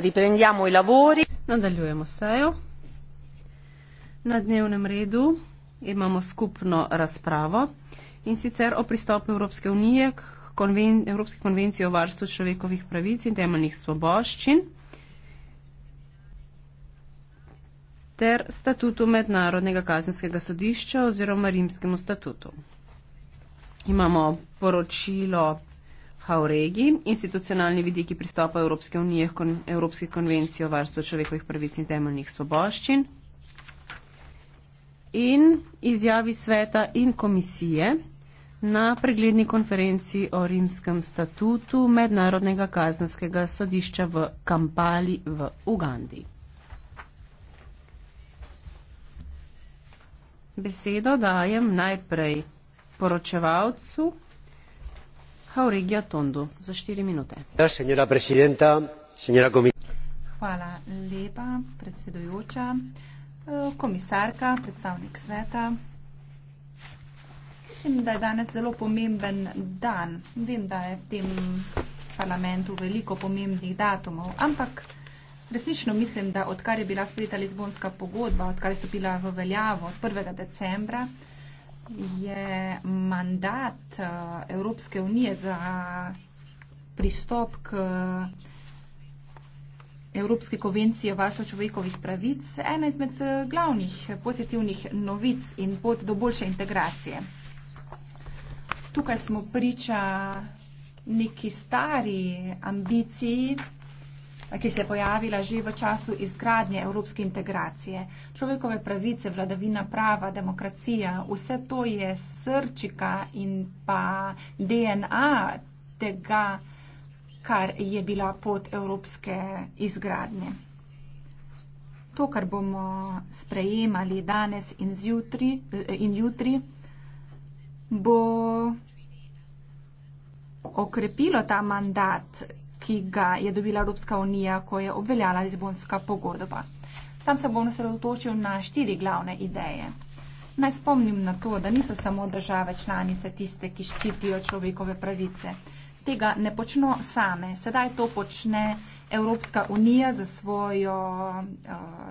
riprendiamo i lavori. Nadaljujemo sejo. Na dnevnem redu imamo skupno razpravo in sicer o pristopu Evropske unije k konven Evropski konvenciji o varstvu človekovih pravic in temeljnih svoboščin ter statutu Mednarodnega kazenskega sodišča oziroma Rimskemu statutu. Imamo poročilo v regiji, institucionalni vidiki pristopa Evropske unije k kon, Evropske konvencije o varstvu človekovih pravic in temeljnih svoboščin in izjavi sveta in komisije na pregledni konferenciji o rimskem statutu Mednarodnega kazanskega sodišča v Kampali v Ugandi. Besedo dajem najprej poročevalcu. Origia Tondo za štiri minute. Ja, Hvala lepa, predsedujoča, eh, komisarka, predstavnik sveta. Mislim, da je danes zelo pomemben dan. Vem, da je v tem parlamentu veliko pomembnih datumov, ampak resnično mislim, da odkar je bila sprejeta Lizbonska pogodba, odkar je stopila v veljavo od 1. decembra, je mandat eh, Evropske unije za pristop k Evropske konvencije o varstvu človekovih pravic ena izmed eh, glavnih pozitivnih novic in pot do boljše integracije. Tukaj smo priča neki stari ambiciji, ki se je pojavila že v času izgradnje evropske integracije. Človekove pravice, vladavina prava, demokracija, vse to je srčika in pa DNA tega, kar je bila pot evropske izgradnje. To, kar bomo sprejemali danes in, zjutri, in jutri, bo okrepilo ta mandat ki ga je dobila Evropska unija, ko je obveljala Lizbonska pogodba. Sam se bom osredotočil na štiri glavne ideje. Naj spomnim na to, da niso samo države članice tiste, ki ščitijo človekove pravice. Tega ne počno same. Sedaj to počne Evropska unija za svojo uh,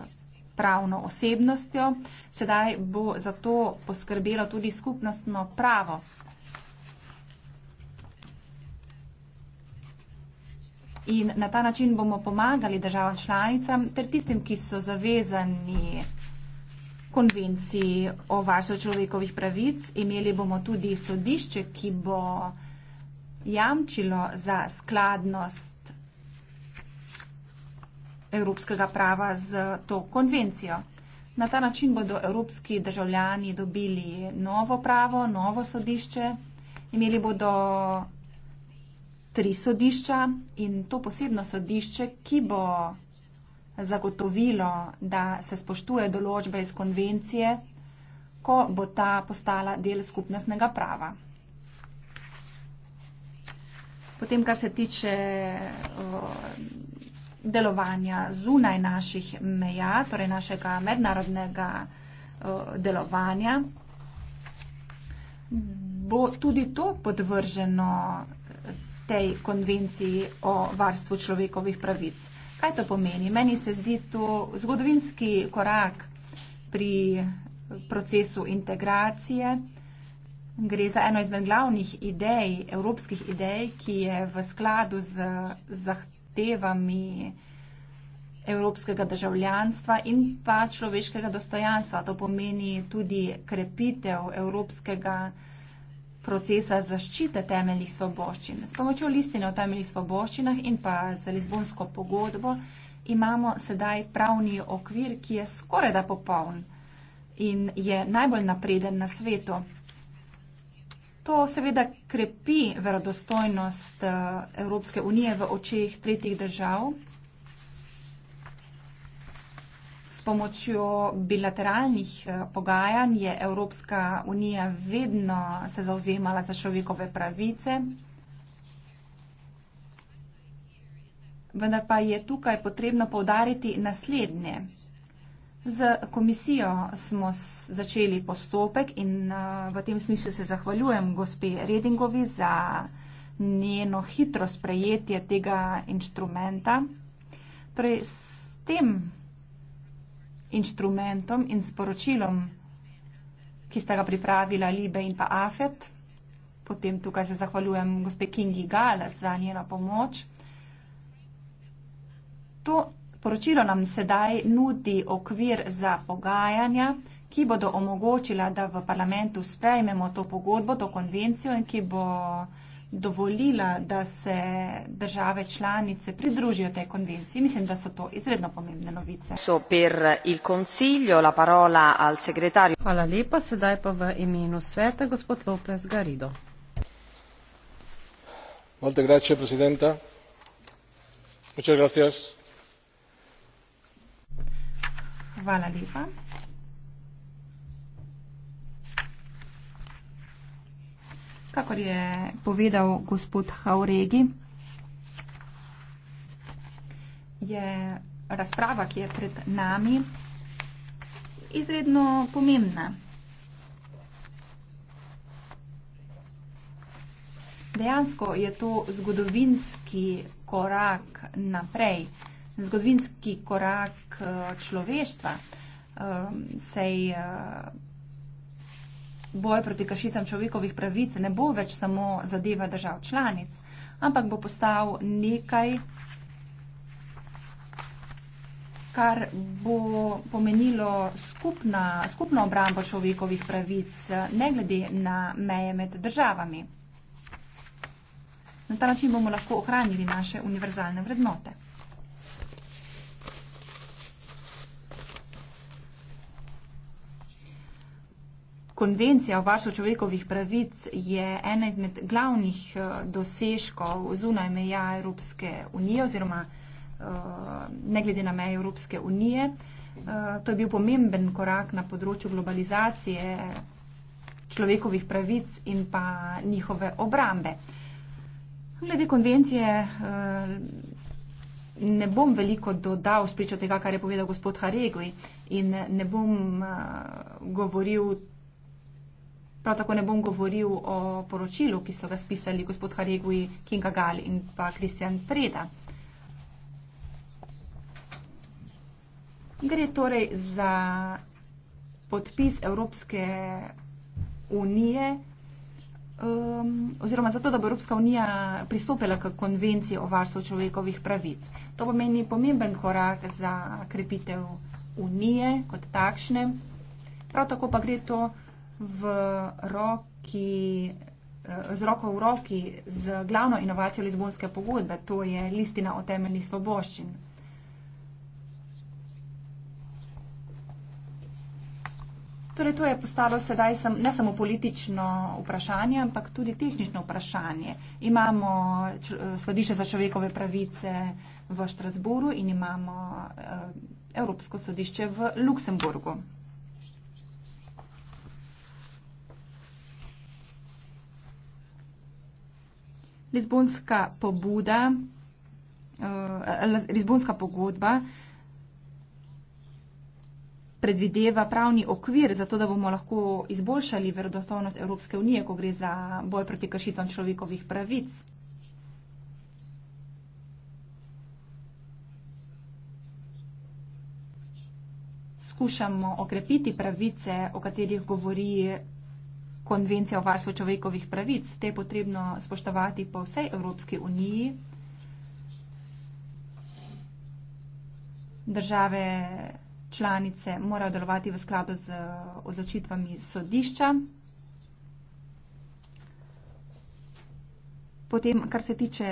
pravno osebnostjo. Sedaj bo za to poskrbelo tudi skupnostno pravo in na ta način bomo pomagali državam članicam ter tistim, ki so zavezani konvenciji o varstvu človekovih pravic. Imeli bomo tudi sodišče, ki bo jamčilo za skladnost evropskega prava z to konvencijo. Na ta način bodo evropski državljani dobili novo pravo, novo sodišče. Imeli bodo tri sodišča in to posebno sodišče, ki bo zagotovilo, da se spoštuje določbe iz konvencije, ko bo ta postala del skupnostnega prava. Potem, kar se tiče delovanja zunaj naših meja, torej našega mednarodnega delovanja, bo tudi to podvrženo tej konvenciji o varstvu človekovih pravic. Kaj to pomeni? Meni se zdi to zgodovinski korak pri procesu integracije. Gre za eno izmed glavnih idej, evropskih idej, ki je v skladu z zahtevami evropskega državljanstva in pa človeškega dostojanstva. To pomeni tudi krepitev evropskega državljanstva procesa zaščite temeljnih svoboščin. S pomočjo listine o temeljnih svoboščinah in pa za Lizbonsko pogodbo imamo sedaj pravni okvir, ki je skoraj da popoln in je najbolj napreden na svetu. To seveda krepi verodostojnost eh, Evropske unije v očeh tretjih držav pomočjo bilateralnih eh, pogajanj je Evropska unija vedno se zauzemala za človekove pravice. Vendar pa je tukaj potrebno povdariti naslednje. Z komisijo smo začeli postopek in eh, v tem smislu se zahvaljujem gospe Redingovi za njeno hitro sprejetje tega inštrumenta. Torej, s tem inštrumentom in sporočilom, ki sta ga pripravila Libe in pa Afet. Potem tukaj se zahvaljujem gospe Kingi Gales za njeno pomoč. To poročilo nam sedaj nudi okvir za pogajanja, ki bodo omogočila, da v parlamentu sprejmemo to pogodbo, to konvencijo in ki bo dovolila, da se države članice pridružijo tej konvenciji. Mislim, da so to izredno pomembne novice. Hvala lepa, sedaj pa v imenu sveta gospod Lopez Garido. Molte grazie, presidenta. Muchas gracias. Hvala lepa. kakor je povedal gospod Hauregi, je razprava, ki je pred nami, izredno pomembna. Dejansko je to zgodovinski korak naprej, zgodovinski korak eh, človeštva, eh, sej eh, boj proti kršitam človekovih pravic ne bo več samo zadeva držav članic, ampak bo postal nekaj, kar bo pomenilo skupna, skupno obrambo človekovih pravic, ne glede na meje med državami. Na ta način bomo lahko ohranili naše univerzalne vrednote. Konvencija o vašo človekovih pravic je ena izmed glavnih eh, dosežkov zunaj meja Evropske unije oziroma eh, ne glede na meje Evropske unije. Eh, to je bil pomemben korak na področju globalizacije človekovih pravic in pa njihove obrambe. Glede konvencije ne bom veliko dodal spričo tega, kar je povedal gospod Haregli in ne bom govoril Prav tako ne bom govoril o poročilu, ki so ga spisali gospod Hareguji, Kinga Gal in pa Kristjan Preda. Gre torej za podpis Evropske unije um, oziroma za to, da bo Evropska unija pristopila k konvenciji o varstvu človekovih pravic. To pomeni pomemben korak za krepitev unije kot takšne. Prav tako pa gre to v roki, eh, z roko v roki z glavno inovacijo Lizbonske pogodbe, to je listina o temeljni svoboščin. Torej, to je postalo sedaj sem, ne samo politično vprašanje, ampak tudi tehnično vprašanje. Imamo eh, sodišče za človekove pravice v Štrasburu in imamo eh, Evropsko sodišče v Luksemburgu. Lizbonska pobuda, eh, Lizbonska pogodba predvideva pravni okvir za to, da bomo lahko izboljšali verodostojnost Evropske unije, ko gre za boj proti kršitvam človekovih pravic. Skušamo okrepiti pravice, o katerih govori konvencija o varstvu človekovih pravic, te je potrebno spoštovati po vsej Evropski uniji. Države članice morajo delovati v skladu z eh, odločitvami sodišča. Potem, kar se tiče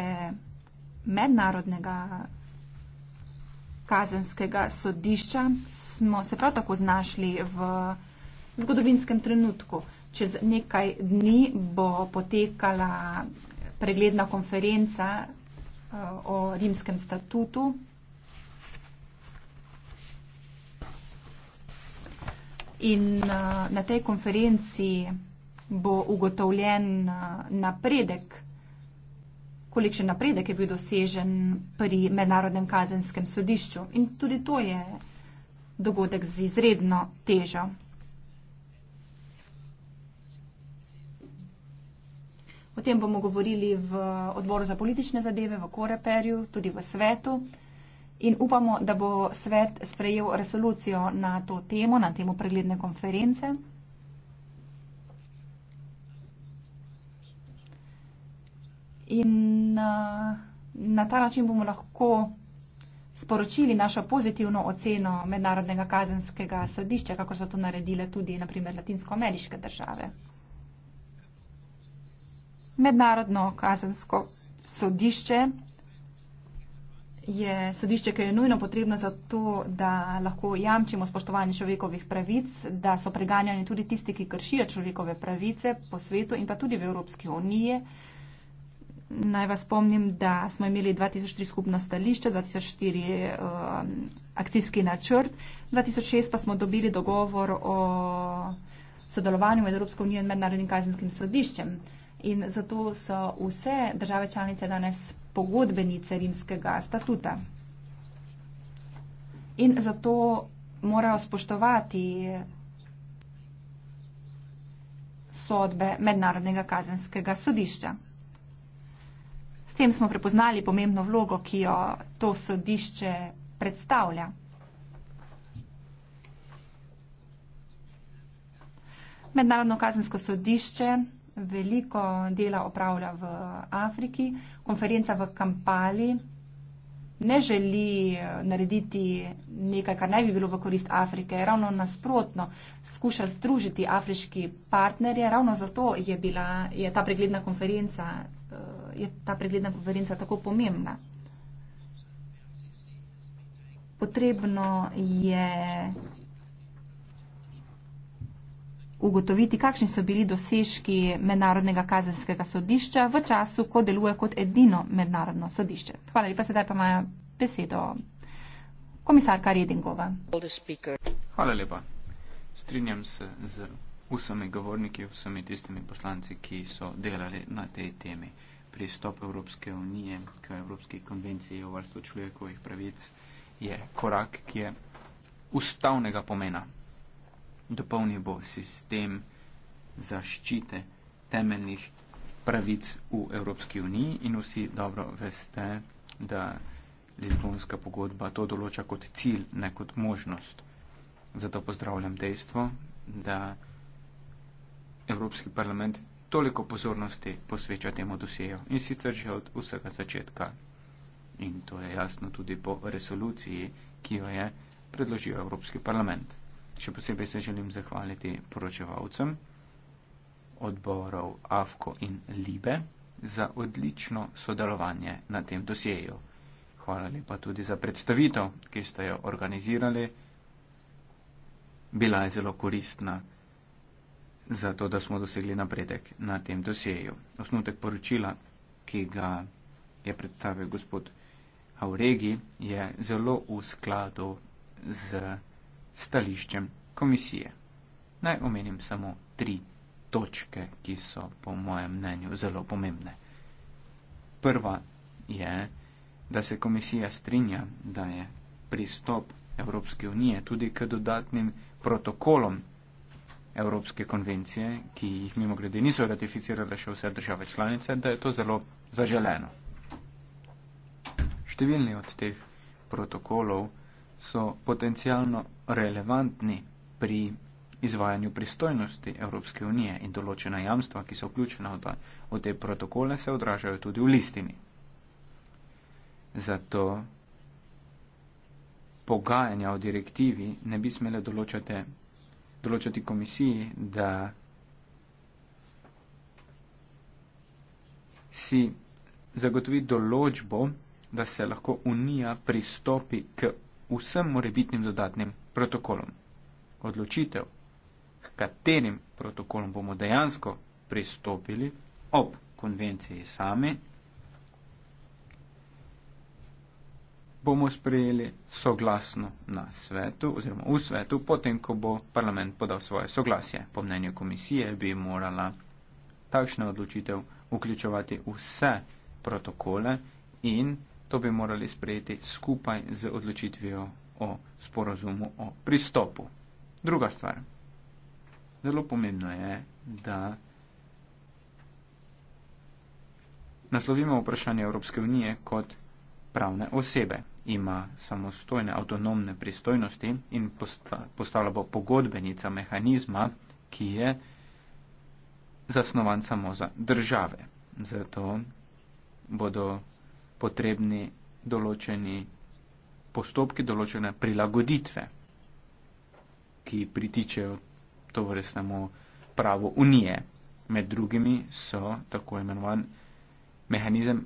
mednarodnega kazenskega sodišča, smo se prav tako znašli v zgodovinskem trenutku. Čez nekaj dni bo potekala pregledna konferenca eh, o rimskem statutu. In eh, na tej konferenci bo ugotovljen eh, napredek, kolikšen napredek je bil dosežen pri Mednarodnem kazenskem sodišču. In tudi to je dogodek z izredno težo. O tem bomo govorili v odboru za politične zadeve, v Koreperju, tudi v svetu. In upamo, da bo svet sprejel resolucijo na to temo, na temo pregledne konference. In na ta način bomo lahko sporočili našo pozitivno oceno mednarodnega kazenskega sodišča, kako so to naredile tudi naprimer latinsko-ameriške države. Mednarodno kazensko sodišče je sodišče, ki je nujno potrebno za to, da lahko jamčimo spoštovanje človekovih pravic, da so preganjani tudi tisti, ki kršijo človekove pravice po svetu in pa tudi v Evropski uniji. Naj vas spomnim, da smo imeli 2003 skupno stališče, 2004 um, akcijski načrt, 2006 pa smo dobili dogovor o sodelovanju med Evropsko unijo in mednarodnim kazenskim sodiščem. Uh, in zato so vse države članice danes pogodbenice rimskega statuta. In zato morajo spoštovati sodbe mednarodnega kazenskega sodišča. S tem smo prepoznali pomembno vlogo, ki jo to sodišče predstavlja. Mednarodno kazensko sodišče veliko dela opravlja v Afriki. Konferenca v Kampali ne želi eh, narediti nekaj, kar ne bi bilo v korist Afrike. Ravno nasprotno, skuša združiti afriški partnerje. Ravno zato je, bila, je, ta, pregledna eh, je ta pregledna konferenca tako pomembna. Potrebno je ugotoviti, kakšni so bili dosežki mednarodnega kazenskega sodišča v času, ko deluje kot edino mednarodno sodišče. Hvala lepa, sedaj pa imajo besedo komisarka Redingova. Hvala lepa. Strinjam se z vsemi govorniki, vsemi tistimi poslanci, ki so delali na tej temi. Pristop Evropske unije k Evropski konvenciji o varstvu človekovih pravic je korak, ki je ustavnega pomena dopolnil bo sistem zaščite temeljnih pravic v Evropski uniji in vsi dobro veste, da Lizbonska pogodba to določa kot cilj, ne kot možnost. Zato pozdravljam dejstvo, da Evropski parlament toliko pozornosti posveča temu dosejo in sicer že od vsega začetka. In to je jasno tudi po resoluciji, ki jo je predložil Evropski parlament. Še posebej se želim zahvaliti poročevalcem odborov AFKO in LIBE za odlično sodelovanje na tem dosjeju. Hvala lepa tudi za predstavitev, ki ste jo organizirali. Bila je zelo koristna za to, da smo dosegli napredek na tem dosjeju. Osnutek poročila, ki ga je predstavil gospod Auregi, je zelo v skladu z stališčem komisije. Naj omenim samo tri točke, ki so po mojem mnenju zelo pomembne. Prva je, da se komisija strinja, da je pristop Evropske unije tudi k dodatnim protokolom Evropske konvencije, ki jih mimo grede niso ratificirale še vse države članice, da je to zelo zaželeno. Številni od teh protokolov so potencijalno relevantni pri izvajanju pristojnosti Evropske unije in določena jamstva, ki so vključena v, ta, v te protokole, se odražajo tudi v listini. Zato pogajanja o direktivi ne bi smele določate, določati komisiji, da si zagotovi določbo, da se lahko Unija pristopi k vsem morebitnim dodatnim protokolom. Odločitev, k katerim protokolom bomo dejansko pristopili ob konvenciji sami, bomo sprejeli soglasno na svetu oziroma v svetu, potem, ko bo parlament podal svoje soglasje. Po mnenju komisije bi morala takšna odločitev vključevati vse protokole in To bi morali sprejeti skupaj z odločitvijo o sporazumu o pristopu. Druga stvar. Zelo pomembno je, da naslovimo vprašanje Evropske unije kot pravne osebe. Ima samostojne avtonomne pristojnosti in posta, postala bo pogodbenica mehanizma, ki je zasnovan samo za države. Zato bodo potrebni določeni postopki, določene prilagoditve, ki pritičejo to vrstnemu pravu Unije. Med drugimi so tako imenovan mehanizem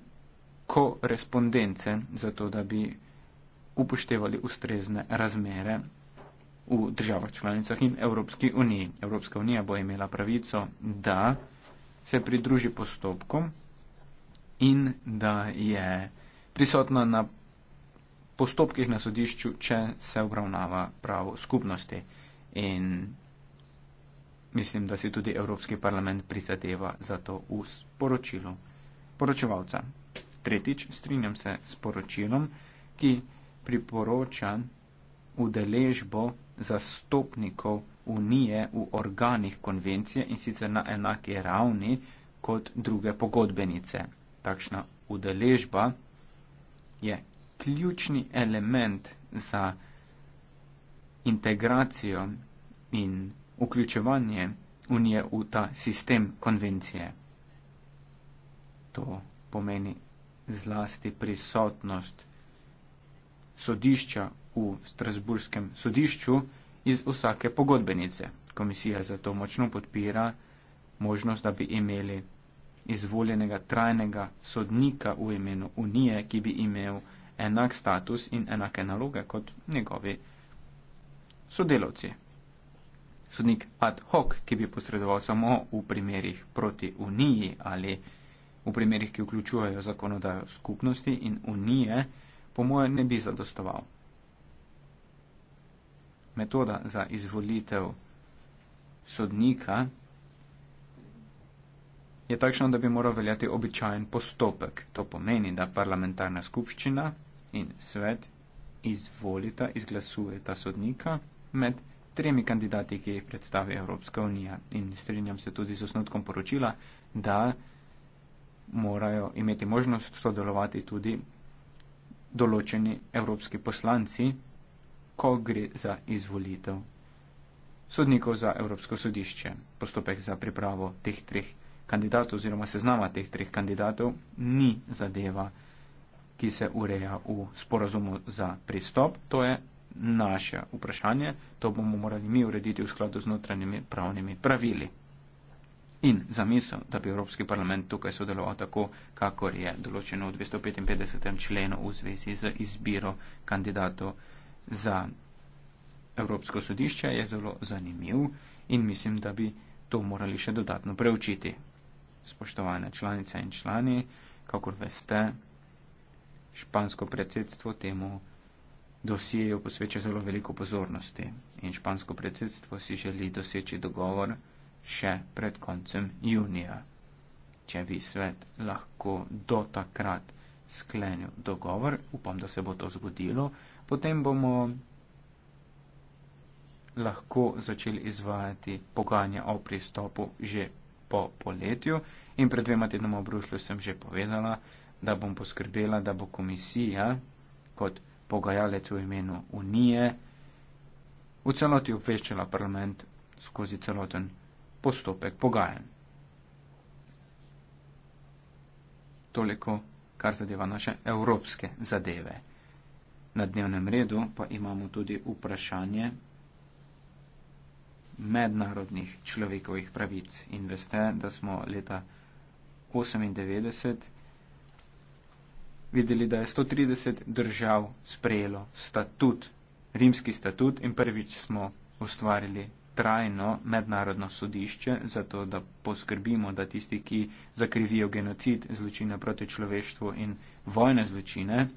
korespondence, zato da bi upoštevali ustrezne razmere v državah članicah in Evropski uniji. Evropska unija bo imela pravico, da se pridruži postopkom, in da je prisotna na postopkih na sodišču, če se obravnava pravo skupnosti. In mislim, da si tudi Evropski parlament prizadeva za to v sporočilu poročevalca. Tretjič, strinjam se s poročilom, ki priporoča udeležbo zastopnikov Unije v organih konvencije in sicer na enaki ravni kot druge pogodbenice takšna udeležba je ključni element za integracijo in vključevanje unije v ta sistem konvencije. To pomeni zlasti prisotnost sodišča v Strasburskem sodišču iz vsake pogodbenice. Komisija zato močno podpira možnost, da bi imeli izvoljenega trajnega sodnika v imenu Unije, ki bi imel enak status in enake naloge kot njegovi sodelavci. Sodnik ad hoc, ki bi posredoval samo v primerih proti Uniji ali v primerih, ki vključujejo zakonodajo skupnosti in Unije, po moje ne bi zadostoval. Metoda za izvolitev sodnika je takšno, da bi moral veljati običajen postopek. To pomeni, da parlamentarna skupščina in svet izvolita, izglasujeta sodnika med tremi kandidati, ki jih predstavi Evropska unija. In strinjam se tudi z osnutkom poročila, da morajo imeti možnost sodelovati tudi določeni evropski poslanci, ko gre za izvolitev sodnikov za Evropsko sodišče. Postopek za pripravo teh treh kandidatov oziroma seznama teh treh kandidatov ni zadeva, ki se ureja v sporazumu za pristop. To je naše vprašanje, to bomo morali mi urediti v skladu z notranjimi pravnimi pravili. In zamisel, da bi Evropski parlament tukaj sodeloval tako, kakor je določeno v 255. členu v zvezi z izbiro kandidatov za Evropsko sodišče, je zelo zanimiv in mislim, da bi to morali še dodatno preučiti spoštovane članice in člani, kakor veste, špansko predsedstvo temu dosijejo posveča zelo veliko pozornosti in špansko predsedstvo si želi doseči dogovor še pred koncem junija. Če bi svet lahko do takrat sklenil dogovor, upam, da se bo to zgodilo, potem bomo lahko začeli izvajati pogajanja o pristopu že po poletju in pred dvema tednoma v Bruslju sem že povedala, da bom poskrbela, da bo komisija kot pogajalec v imenu Unije v celoti obveščala parlament skozi celoten postopek pogajanj. Toliko, kar zadeva naše evropske zadeve. Na dnevnem redu pa imamo tudi vprašanje mednarodnih človekovih pravic. In veste, da smo leta 1998 videli, da je 130 držav sprejelo statut, rimski statut in prvič smo ustvarili trajno mednarodno sodišče, zato da poskrbimo, da tisti, ki zakrivijo genocid, zločine proti človeštvu in vojne zločine,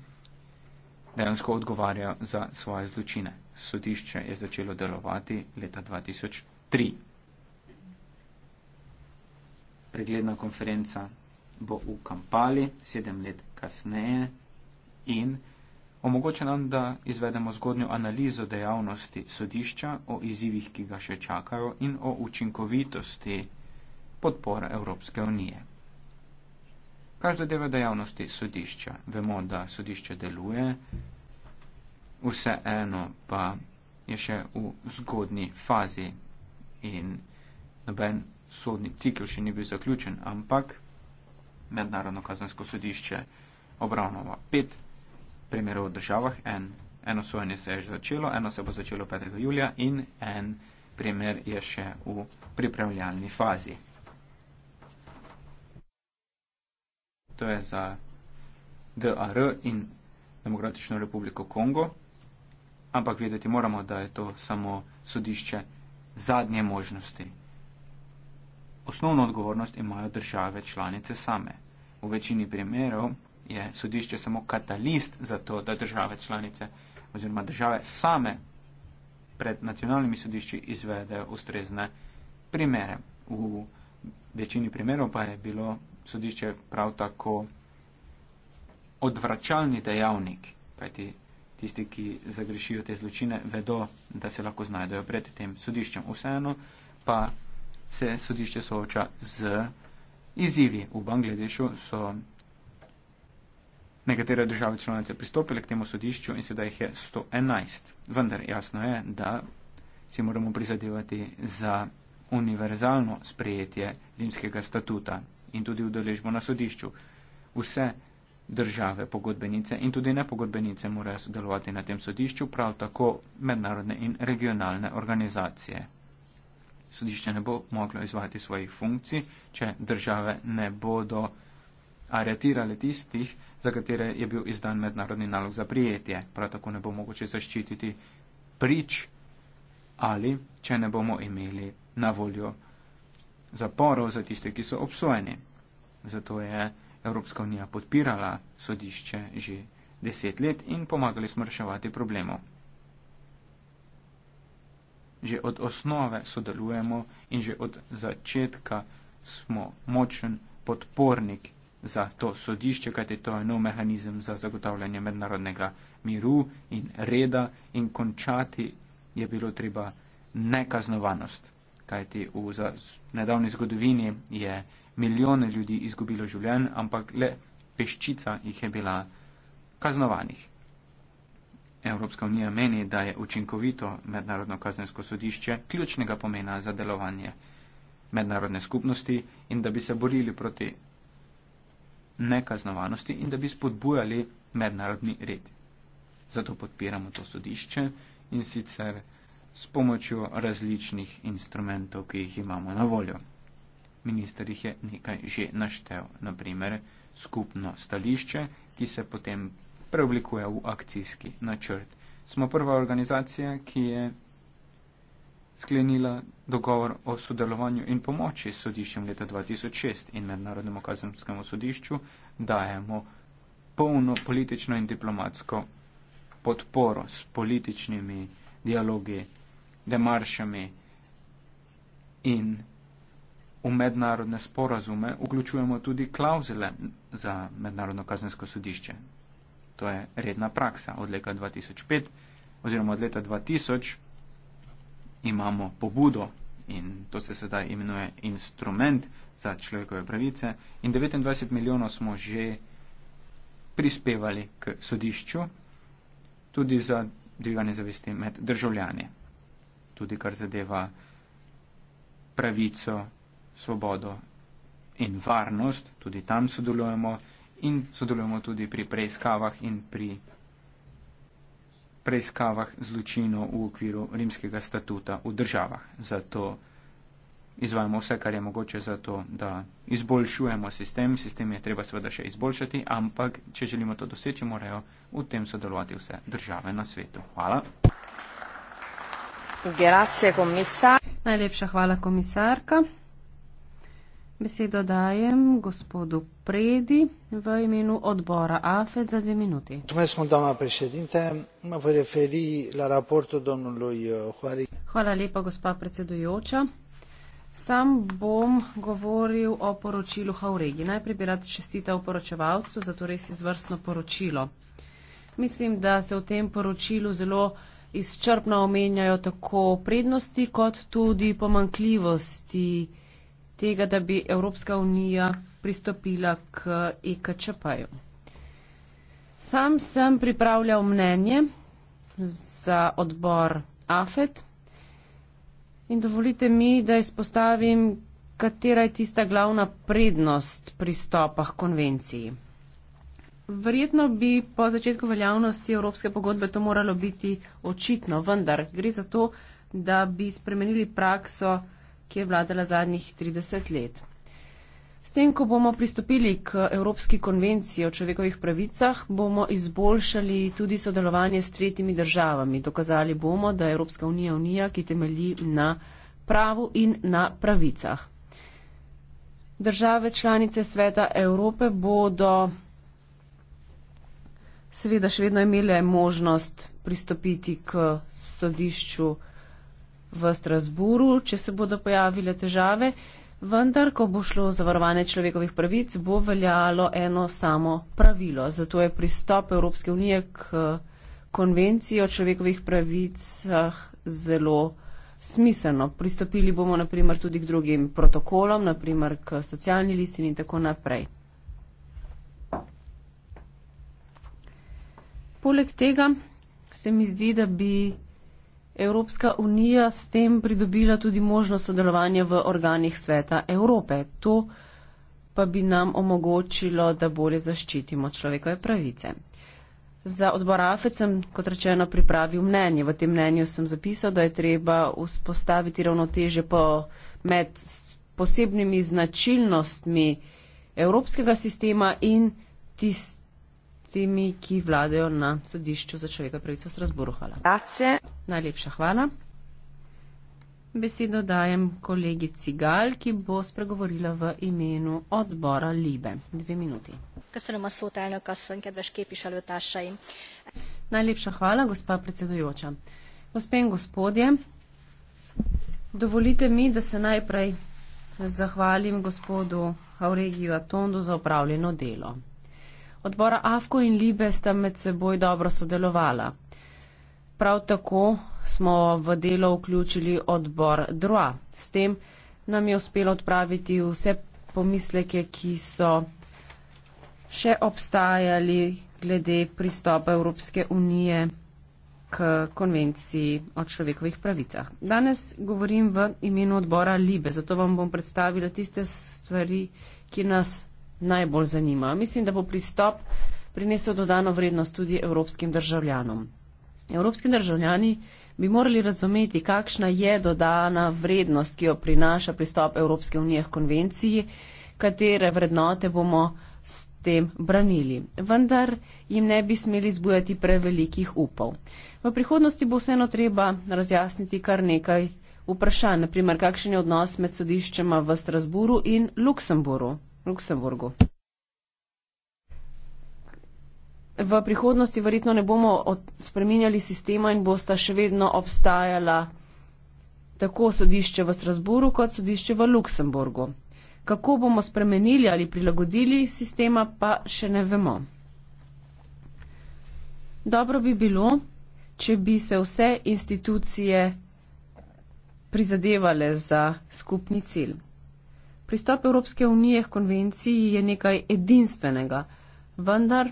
dejansko odgovarja za svoje zločine. Sodišče je začelo delovati leta 2003. Pregledna konferenca bo v Kampali sedem let kasneje in omogoča nam, da izvedemo zgodnjo analizo dejavnosti sodišča o izzivih, ki ga še čakajo in o učinkovitosti podpora Evropske unije. Kar zadeva dejavnosti sodišča, vemo, da sodišče deluje, vseeno pa je še v zgodni fazi in noben sodni cikl še ni bil zaključen, ampak Mednarodno kazansko sodišče obravnava pet primerov v državah, en, eno sojenje se je že začelo, eno se bo začelo 5. julija in en primer je še v pripravljalni fazi. to je za DR in Demokratično republiko Kongo, ampak vedeti moramo, da je to samo sodišče zadnje možnosti. Osnovno odgovornost imajo države članice same. V večini primerov je sodišče samo katalist za to, da države članice oziroma države same pred nacionalnimi sodišči izvedejo ustrezne primere. V večini primerov pa je bilo sodišče prav tako odvračalni dejavnik, kajti tisti, ki zagrešijo te zločine, vedo, da se lahko znajdejo pred tem sodiščem. Vseeno pa se sodišče sooča z izzivi. V Bangladešu so nekatere države članice pristopile k temu sodišču in sedaj jih je 111. Vendar jasno je, da si moramo prizadevati za univerzalno sprejetje rimskega statuta in tudi udeležbo na sodišču. Vse države, pogodbenice in tudi nepogodbenice morajo sodelovati na tem sodišču, prav tako mednarodne in regionalne organizacije. Sodišče ne bo moglo izvajati svojih funkcij, če države ne bodo aretirale tistih, za katere je bil izdan mednarodni nalog za prijetje. Prav tako ne bo mogoče zaščititi prič ali če ne bomo imeli na voljo zaporov za tiste, ki so obsojeni. Zato je Evropska unija podpirala sodišče že deset let in pomagali smo reševati problemov. Že od osnove sodelujemo in že od začetka smo močen podpornik za to sodišče, kajte to je nov mehanizem za zagotavljanje mednarodnega miru in reda in končati je bilo treba nekaznovanost kajti v nedavni zgodovini je milijone ljudi izgubilo življenj, ampak le peščica jih je bila kaznovanih. Evropska unija meni, da je učinkovito mednarodno kazensko sodišče ključnega pomena za delovanje mednarodne skupnosti in da bi se borili proti nekaznovanosti in da bi spodbujali mednarodni red. Zato podpiramo to sodišče in sicer s pomočjo različnih instrumentov, ki jih imamo na voljo. Minister jih je nekaj že naštel, naprimer skupno stališče, ki se potem preoblikuje v akcijski načrt. Smo prva organizacija, ki je sklenila dogovor o sodelovanju in pomoči s sodiščem leta 2006 in Mednarodnemu kazenskemu sodišču, dajemo polno politično in diplomatsko podporo s političnimi dialogi demaršami in v mednarodne sporazume vključujemo tudi klauzule za mednarodno kazensko sodišče. To je redna praksa. Od leta 2005 oziroma od leta 2000 imamo pobudo in to se sedaj imenuje instrument za človekove pravice in 29 milijonov smo že prispevali k sodišču tudi za dviganje zavesti med državljanje tudi kar zadeva pravico, svobodo in varnost, tudi tam sodelujemo in sodelujemo tudi pri preiskavah in pri preiskavah zločinov v okviru rimskega statuta v državah. Zato izvajamo vse, kar je mogoče za to, da izboljšujemo sistem. Sistem je treba seveda še izboljšati, ampak če želimo to doseči, morajo v tem sodelovati vse države na svetu. Hvala. Grazie, komisar. Najlepša hvala, komisarka. Besedo dajem gospodu Predi v imenu odbora AFED za dve minuti. Uh, hvala lepa, gospa predsedujoča. Sam bom govoril o poročilu Hauregi. Najprej bi rad čestital poročevalcu za to res izvrstno poročilo. Mislim, da se v tem poročilu zelo izčrpno omenjajo tako prednosti kot tudi pomankljivosti tega, da bi Evropska unija pristopila k EKČP-ju. Sam sem pripravljal mnenje za odbor AFET in dovolite mi, da izpostavim, katera je tista glavna prednost pristopa k konvenciji. Verjetno bi po začetku veljavnosti Evropske pogodbe to moralo biti očitno, vendar gre za to, da bi spremenili prakso, ki je vladala zadnjih 30 let. S tem, ko bomo pristopili k Evropski konvenciji o človekovih pravicah, bomo izboljšali tudi sodelovanje s tretjimi državami. Dokazali bomo, da je Evropska unija unija, ki temelji na pravu in na pravicah. Države članice sveta Evrope bodo seveda še vedno imele možnost pristopiti k sodišču v Strasburu, če se bodo pojavile težave, vendar, ko bo šlo za varovanje človekovih pravic, bo veljalo eno samo pravilo. Zato je pristop Evropske unije k konvenciji o človekovih pravicah zelo smiselno. Pristopili bomo naprimer tudi k drugim protokolom, naprimer k socialni listini in tako naprej. Poleg tega se mi zdi, da bi Evropska unija s tem pridobila tudi možnost sodelovanja v organih sveta Evrope. To pa bi nam omogočilo, da bolje zaščitimo človekove pravice. Za odbor AFED sem, kot rečeno, pripravil mnenje. V tem mnenju sem zapisal, da je treba vzpostaviti ravnoteže po, med posebnimi značilnostmi evropskega sistema in tistimi, tistimi, ki vladajo na sodišču za človekove pravice v Strasburu. Hvala. Grazie. Najlepša hvala. Besedo dajem kolegici Gal, ki bo spregovorila v imenu odbora Libe. Dve minuti. Köszönöm a szót, elnök asszony, kedves képviselőtársaim! Najlepša hvala, gospa predsedujoča. Gospe in gospodje, dovolite mi, da se najprej zahvalim gospodu Hauregiju Atondu za upravljeno delo. Odbora AFKO in LIBE sta med seboj dobro sodelovala. Prav tako smo v delo vključili odbor DROA. S tem nam je uspelo odpraviti vse pomisleke, ki so še obstajali glede pristopa Evropske unije k konvenciji o človekovih pravicah. Danes govorim v imenu odbora LIBE, zato vam bom predstavila tiste stvari, ki nas najbolj zanima. Mislim, da bo pristop prinesel dodano vrednost tudi evropskim državljanom. Evropski državljani bi morali razumeti, kakšna je dodana vrednost, ki jo prinaša pristop Evropske unije k konvenciji, katere vrednote bomo s tem branili. Vendar jim ne bi smeli zbujati prevelikih upov. V prihodnosti bo vseeno treba razjasniti kar nekaj vprašanj, naprimer kakšen je odnos med sodiščema v Strasburu in Luksemburu. Luksemburgu. V prihodnosti verjetno ne bomo spreminjali sistema in bosta še vedno obstajala tako sodišče v Strasburu kot sodišče v Luksemburgu. Kako bomo spremenili ali prilagodili sistema, pa še ne vemo. Dobro bi bilo, če bi se vse institucije prizadevale za skupni cilj. Pristop Evropske unije k konvenciji je nekaj edinstvenega, vendar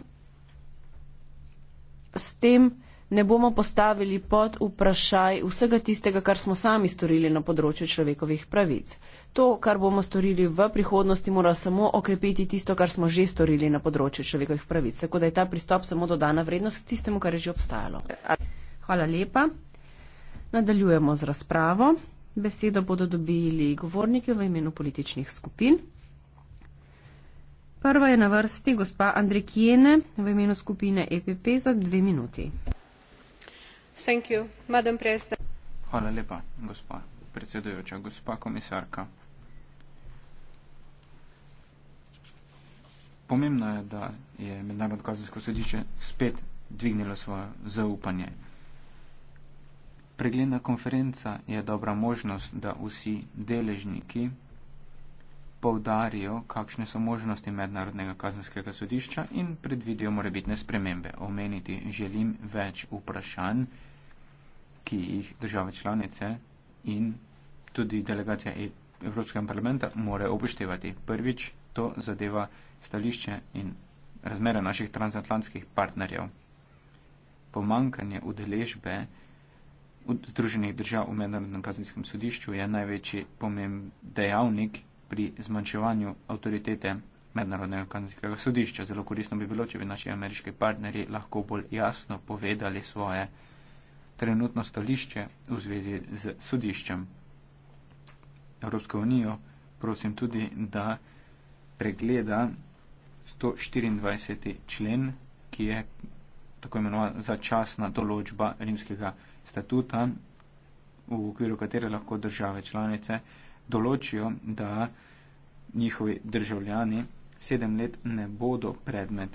s tem ne bomo postavili pod vprašaj vsega tistega, kar smo sami storili na področju človekovih pravic. To, kar bomo storili v prihodnosti, mora samo okrepiti tisto, kar smo že storili na področju človekovih pravic. Tako da je ta pristop samo dodana vrednost k tistemu, kar je že obstajalo. Hvala lepa. Nadaljujemo z razpravo. Besedo bodo dobili govorniki v imenu političnih skupin. Prva je na vrsti gospa Andrej Kijene v imenu skupine EPP za dve minuti. You, Hvala lepa, gospa predsedujoča, gospa komisarka. Pomembno je, da je Mednarodno kazensko sodišče spet dvignilo svoje zaupanje Pregledna konferenca je dobra možnost, da vsi deležniki povdarijo, kakšne so možnosti mednarodnega kazenskega sodišča in predvidijo morebitne spremembe. Omeniti želim več vprašanj, ki jih države članice in tudi delegacija e- Evropskega parlamenta more upoštevati. Prvič, to zadeva stališče in razmere naših transatlantskih partnerjev. Pomankanje udeležbe Združenih držav v mednarodnem kazenskem sodišču je največji pomemben dejavnik pri zmanjševanju avtoritete mednarodnega kazenskega sodišča. Zelo koristno bi bilo, če bi naši ameriški partnerji lahko bolj jasno povedali svoje trenutno stališče v zvezi z sodiščem. Evropsko unijo prosim tudi, da pregleda 124. člen, ki je tako imenovan začasna določba rimskega sodišča statuta, v okviru katere lahko države članice določijo, da njihovi državljani sedem let ne bodo predmet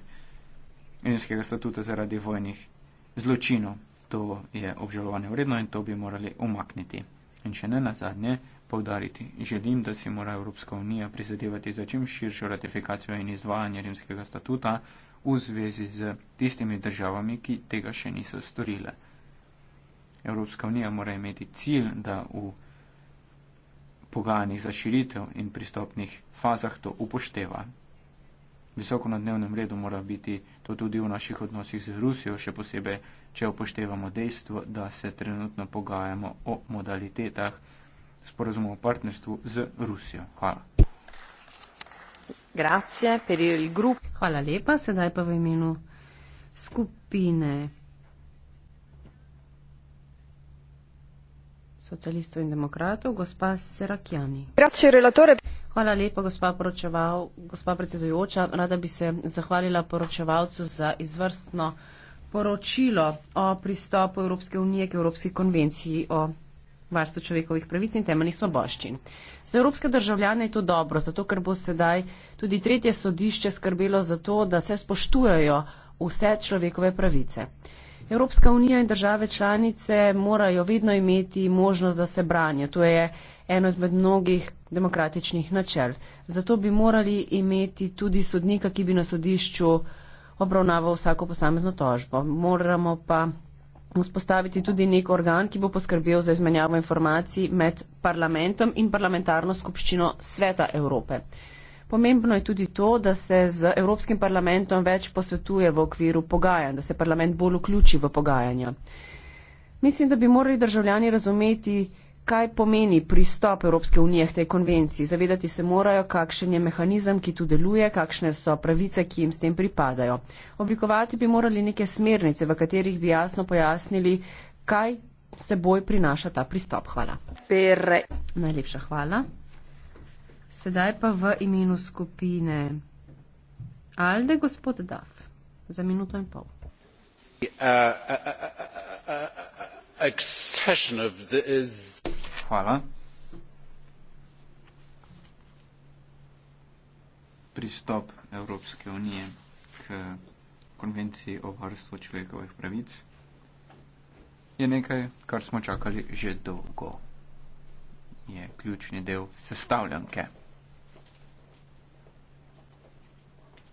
Unijskega statuta zaradi vojnih zločinov. To je obžalovanje vredno in to bi morali umakniti. In še ne nazadnje povdariti, želim, da si mora Evropska unija prizadevati za čim širšo ratifikacijo in izvajanje Rimskega statuta v zvezi z tistimi državami, ki tega še niso storile. Evropska unija mora imeti cilj, da v pogajanjih za širitev in pristopnih fazah to upošteva. Visoko na dnevnem redu mora biti to tudi v naših odnosih z Rusijo, še posebej, če upoštevamo dejstvo, da se trenutno pogajamo o modalitetah sporozuma o partnerstvu z Rusijo. Hvala. Grazie per il gruppo. Hvala lepa, sedaj pa v imenu skupine socialistov in demokratov, gospa Serakjani. Grazie, relatore. Hvala lepa, gospa, poročeval, gospa predsedujoča. Rada bi se zahvalila poročevalcu za izvrstno poročilo o pristopu Evropske unije k Evropski konvenciji o varstvu človekovih pravic in temeljnih svoboščin. Za evropske državljane je to dobro, zato ker bo sedaj tudi tretje sodišče skrbelo za to, da se spoštujajo vse človekove pravice. Evropska unija in države članice morajo vedno imeti možnost, da se branijo. To je eno izmed mnogih demokratičnih načel. Zato bi morali imeti tudi sodnika, ki bi na sodišču obravnaval vsako posamezno tožbo. Moramo pa vzpostaviti tudi nek organ, ki bo poskrbel za izmenjavo informacij med parlamentom in parlamentarno skupščino Sveta Evrope. Pomembno je tudi to, da se z Evropskim parlamentom več posvetuje v okviru pogajanj, da se parlament bolj vključi v pogajanja. Mislim, da bi morali državljani razumeti, kaj pomeni pristop Evropske unije k tej konvenciji. Zavedati se morajo, kakšen je mehanizem, ki tu deluje, kakšne so pravice, ki jim s tem pripadajo. Oblikovati bi morali neke smernice, v katerih bi jasno pojasnili, kaj seboj prinaša ta pristop. Hvala. Pere. Najlepša hvala. Sedaj pa v imenu skupine Alde, gospod Daf, za minuto in pol. Hvala. Pristop Evropske unije k konvenciji o varstvu človekovih pravic je nekaj, kar smo čakali že dolgo. Je ključni del sestavljanke.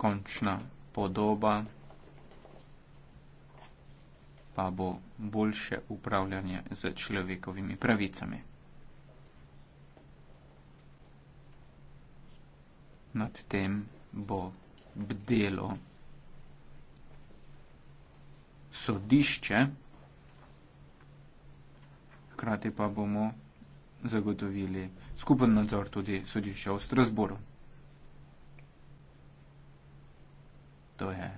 končna podoba pa bo boljše upravljanje z človekovimi pravicami. Nad tem bo bdelo sodišče, hkrati pa bomo zagotovili skupen nadzor tudi sodišča v Strasboru. to je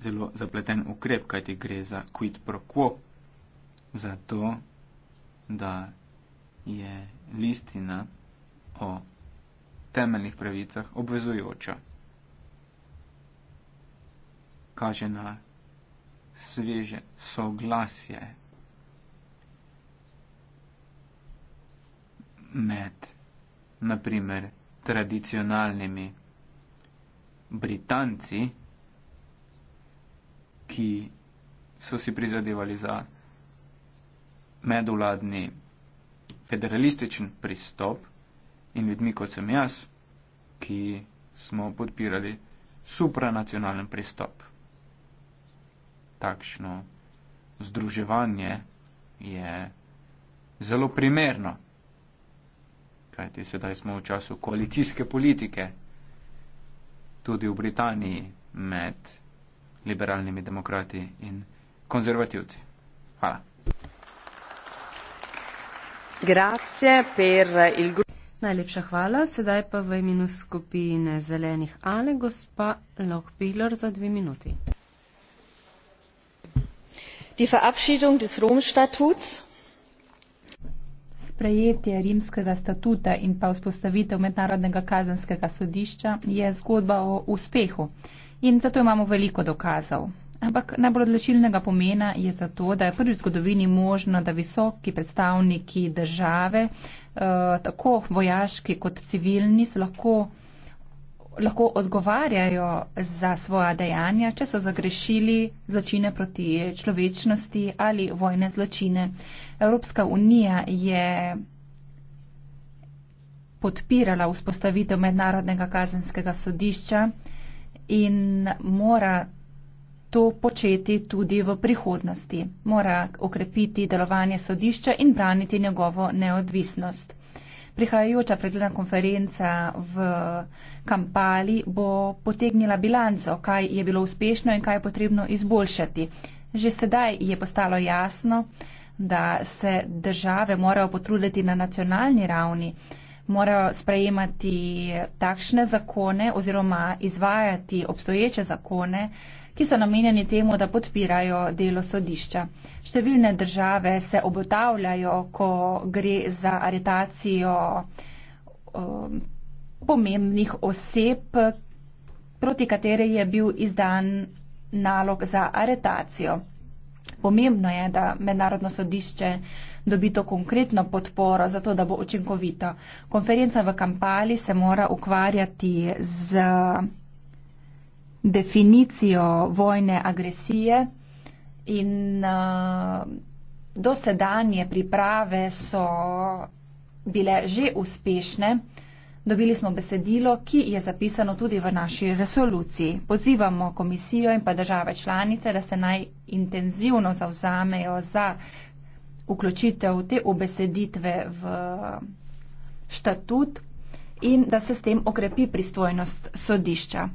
zelo zapleten ukrep, kajti gre za quid pro quo, za to, da je listina o temeljnih pravicah obvezujoča. Kaže na sveže soglasje med, naprimer, tradicionalnimi Britanci, ki so si prizadevali za medvladni federalističen pristop in ljudmi kot sem jaz, ki smo podpirali supranacionalen pristop. Takšno združevanje je zelo primerno, kajti sedaj smo v času koalicijske politike tudi v Britaniji med liberalnimi demokrati in konzervativci. Hvala. Grazie per il gru. Najlepša hvala. Sedaj pa v imenu skupine zelenih ale, gospa Lohpilor za dve minuti. Die Verabschiedung des Rom-Statuts sprejetje rimskega statuta in pa vzpostavitev mednarodnega kazanskega sodišča je zgodba o uspehu. In zato imamo veliko dokazov. Ampak najbolj odločilnega pomena je zato, da je v prvi zgodovini možno, da visoki predstavniki države, eh, tako vojaški kot civilni, lahko, lahko odgovarjajo za svoja dejanja, če so zagrešili zločine proti človečnosti ali vojne zločine. Evropska unija je podpirala vzpostavitev mednarodnega kazenskega sodišča in mora to početi tudi v prihodnosti. Mora okrepiti delovanje sodišča in braniti njegovo neodvisnost. Prihajajoča predvidena konferenca v Kampali bo potegnila bilanco, kaj je bilo uspešno in kaj je potrebno izboljšati. Že sedaj je postalo jasno, da se države morajo potruditi na nacionalni ravni, morajo sprejemati takšne zakone oziroma izvajati obstoječe zakone, ki so namenjeni temu, da podpirajo delo sodišča. Številne države se obotavljajo, ko gre za aretacijo um, pomembnih oseb, proti katere je bil izdan nalog za aretacijo. Pomembno je, da mednarodno sodišče dobi to konkretno podporo, zato da bo učinkovito. Konferenca v Kampali se mora ukvarjati z definicijo vojne agresije in uh, dosedanje priprave so bile že uspešne. Dobili smo besedilo, ki je zapisano tudi v naši resoluciji. Pozivamo komisijo in pa države članice, da se naj intenzivno zauzamejo za vključitev te obeseditve v štatut in da se s tem okrepi pristojnost sodišča.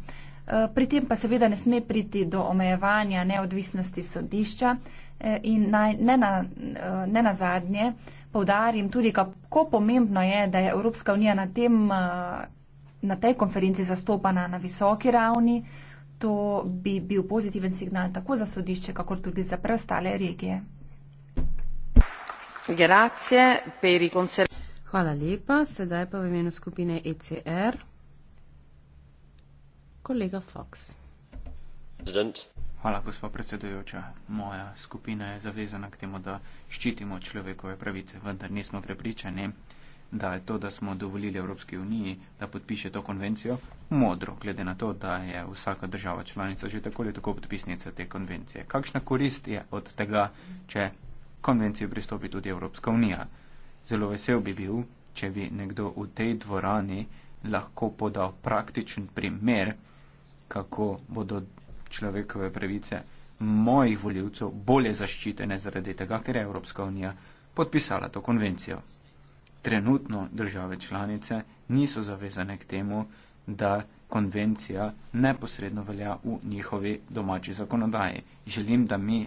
Eh, pri tem pa seveda ne sme priti do omejevanja neodvisnosti sodišča eh, in naj, ne, na, eh, ne na zadnje, povdarim tudi, kako pomembno je, da je Evropska unija na, tem, eh, na tej konferenci zastopana na visoki ravni. To bi bil pozitiven signal tako za sodišče, kakor tudi za preostale regije. Grazie, peri konser. Hvala lepa. Sedaj pa v imenu skupine ECR. Kolega Fox. President. Hvala, gospa predsedujoča. Moja skupina je zavezana k temu, da ščitimo človekove pravice, vendar nismo prepričani, da je to, da smo dovolili Evropski uniji, da podpiše to konvencijo, modro, glede na to, da je vsaka država članica že tako ali tako podpisnica te konvencije. Kakšna korist je od tega, če konvencijo pristopi tudi Evropska unija? Zelo vesel bi bil, če bi nekdo v tej dvorani lahko podal praktičen primer, kako bodo človekove pravice mojih voljivcev bolje zaščitene zaradi tega, ker je Evropska unija podpisala to konvencijo. Trenutno države članice niso zavezane k temu, da konvencija neposredno velja v njihovi domači zakonodaji. Želim, da mi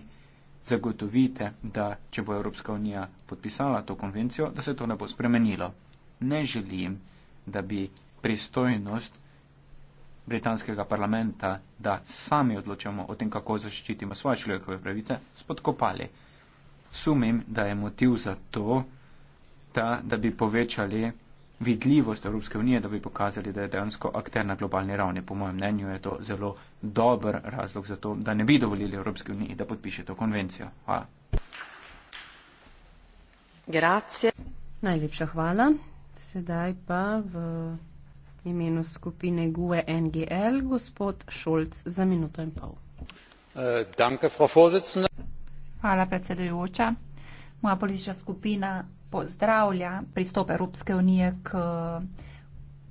zagotovite, da če bo Evropska unija podpisala to konvencijo, da se to ne bo spremenilo. Ne želim, da bi pristojnost britanskega parlamenta, da sami odločamo o tem, kako zaščitimo svoje človekove pravice, spodkopali. Sumim, da je motiv za to, da, da bi povečali vidljivost Evropske unije, da bi pokazali, da je dejansko akter na globalni ravni. Po mojem mnenju je to zelo dober razlog za to, da ne bi dovolili Evropske unije, da podpiše to konvencijo. Hvala. Grazie. Najlepša hvala. Sedaj pa v imenu skupine GUE NGL gospod Šolc za minuto in pol. Eh, Hvala, predsedujoča. Moja politična skupina pozdravlja pristop Evropske unije k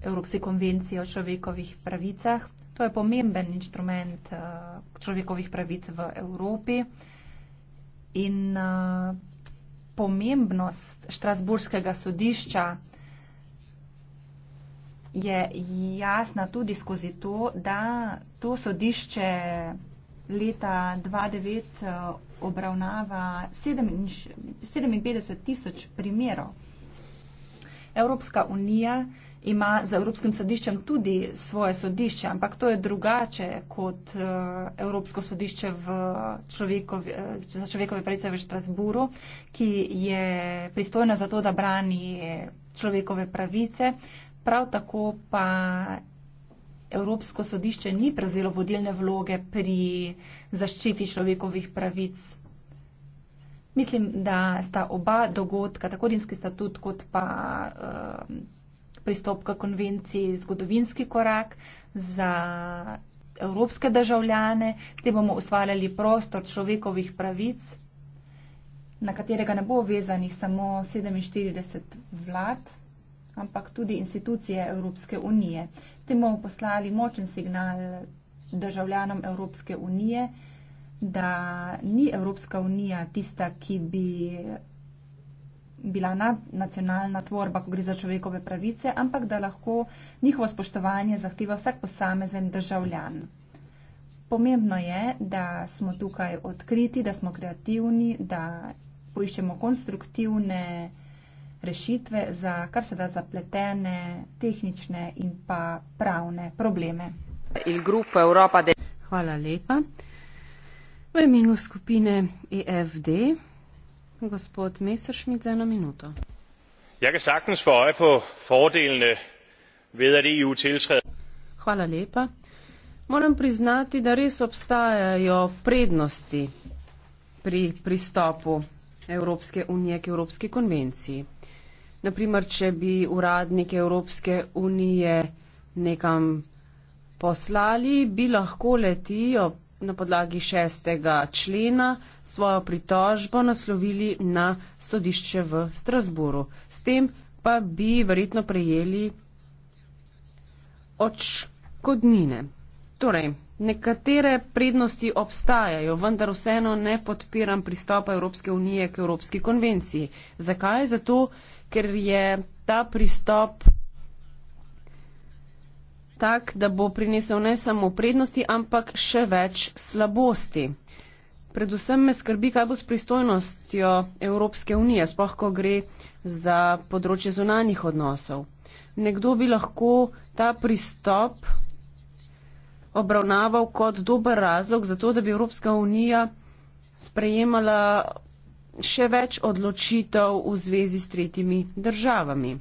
Evropski konvenciji o človekovih pravicah. To je pomemben inštrument eh, človekovih pravic v Evropi in eh, pomembnost Štrasburskega sodišča je jasna tudi skozi to, da to sodišče leta 2009 eh, obravnava 57 tisoč primerov. Evropska unija ima za Evropskim sodiščem tudi svoje sodišče, ampak to je drugače kot eh, Evropsko sodišče človekovi, eh, za človekove pravice v Štrasburu, ki je pristojna za to, da brani človekove pravice. Prav tako pa Evropsko sodišče ni prevzelo vodilne vloge pri zaščiti človekovih pravic. Mislim, da sta oba dogodka, tako rimski statut kot pa eh, pristop k konvenciji, zgodovinski korak za evropske državljane, s tem bomo ustvarjali prostor človekovih pravic, na katerega ne bo vezanih samo 47 vlad ampak tudi institucije Evropske unije. Ti bomo poslali močen signal državljanom Evropske unije, da ni Evropska unija tista, ki bi bila nacionalna tvorba, ko gre za človekove pravice, ampak da lahko njihovo spoštovanje zahteva vsak posamezen državljan. Pomembno je, da smo tukaj odkriti, da smo kreativni, da poiščemo konstruktivne rešitve za kar se da zapletene tehnične in pa pravne probleme. Hvala lepa. V imenu skupine EFD, gospod Messerschmidt, za eno minuto. E Hvala lepa. Moram priznati, da res obstajajo prednosti pri pristopu Evropske unije k Evropski konvenciji. Naprimer, če bi uradnike Evropske unije nekam poslali, bi lahko letijo na podlagi šestega člena svojo pritožbo naslovili na sodišče v Strasburu. S tem pa bi verjetno prejeli očkodnine. Torej, nekatere prednosti obstajajo, vendar vseeno ne podpiram pristopa Evropske unije k Evropski konvenciji. Zakaj? Zato, ker je ta pristop tak, da bo prinesel ne samo prednosti, ampak še več slabosti. Predvsem me skrbi, kaj bo s pristojnostjo Evropske unije, spoh, ko gre za področje zunanjih odnosov. Nekdo bi lahko ta pristop obravnaval kot dober razlog za to, da bi Evropska unija sprejemala še več odločitev v zvezi s tretjimi državami.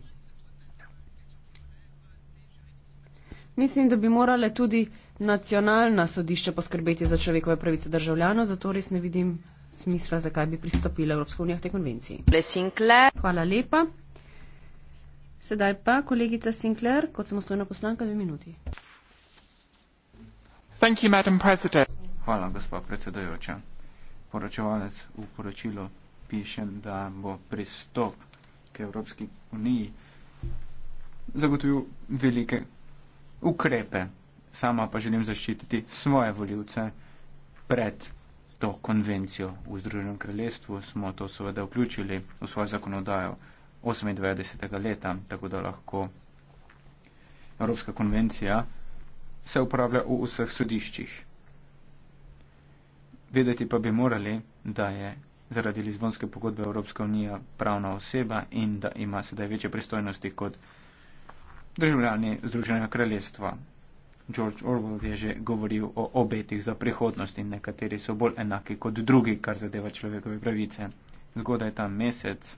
Mislim, da bi morale tudi nacionalna sodišča poskrbeti za človekove pravice državljanov, zato res ne vidim smisla, zakaj bi pristopila Evropska unija k tej konvenciji. Hvala lepa. Sedaj pa kolegica Sinclair, kot samostojna poslanka, dve minuti. Thank you, Hvala, gospod predsedujoča. Poročevalec v poročilu zapišem, da bo pristop k Evropski uniji zagotovil velike ukrepe. Sama pa želim zaščititi svoje voljivce pred to konvencijo v Združenem kraljestvu. Smo to seveda vključili v svojo zakonodajo 98. leta, tako da lahko Evropska konvencija se uporablja v vseh sodiščih. Vedeti pa bi morali, da je zaradi Lizbonske pogodbe Evropska unija pravna oseba in da ima sedaj večje pristojnosti kot državljani Združenega kraljestva. George Orwell je že govoril o obetih za prihodnost in nekateri so bolj enaki kot drugi, kar zadeva človekove pravice. Zgodaj ta mesec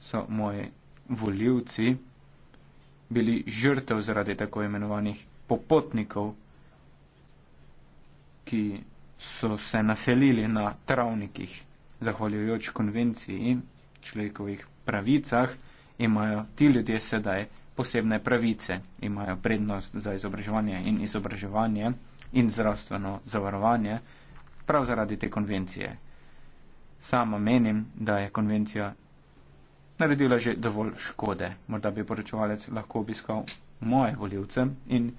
so moji voljivci bili žrtev zaradi tako imenovanih popotnikov, ki so se naselili na travnikih zahvaljujoč konvenciji in človekovih pravicah, imajo ti ljudje sedaj posebne pravice, imajo prednost za izobraževanje in izobraževanje in zdravstveno zavarovanje prav zaradi te konvencije. Sama menim, da je konvencija naredila že dovolj škode. Morda bi poročevalec lahko obiskal moje voljivce in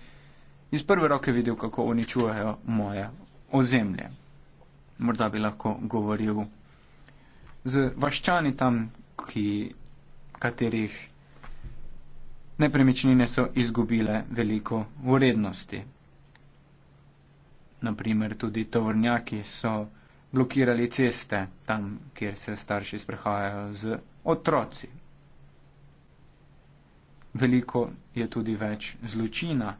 iz prve roke videl, kako oni čujejo moje ozemlje. Morda bi lahko govoril z vaščani tam, ki, katerih nepremičnine so izgubile veliko vrednosti. Naprimer, tudi tovornjaki so blokirali ceste tam, kjer se starši sprehajajo z otroci. Veliko je tudi več zločina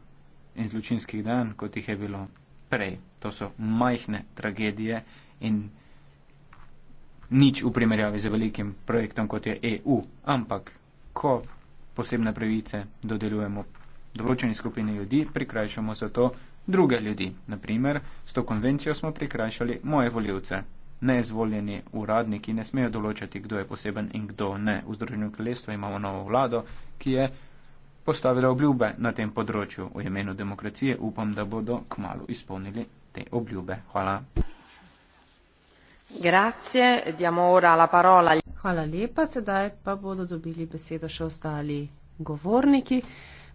in zločinskih dejanj, kot jih je bilo prej. To so majhne tragedije in tragedije nič v primerjavi z velikim projektom, kot je EU. Ampak, ko posebne pravice dodeljujemo določeni skupini ljudi, prikrajšamo za to druge ljudi. Naprimer, s to konvencijo smo prikrajšali moje voljivce. Neizvoljeni uradniki ne smejo določati, kdo je poseben in kdo ne. V Združenju kraljestva imamo novo vlado, ki je postavila obljube na tem področju. V imenu demokracije upam, da bodo kmalo izpolnili te obljube. Hvala. Hvala lepa, sedaj pa bodo dobili besedo še ostali govorniki,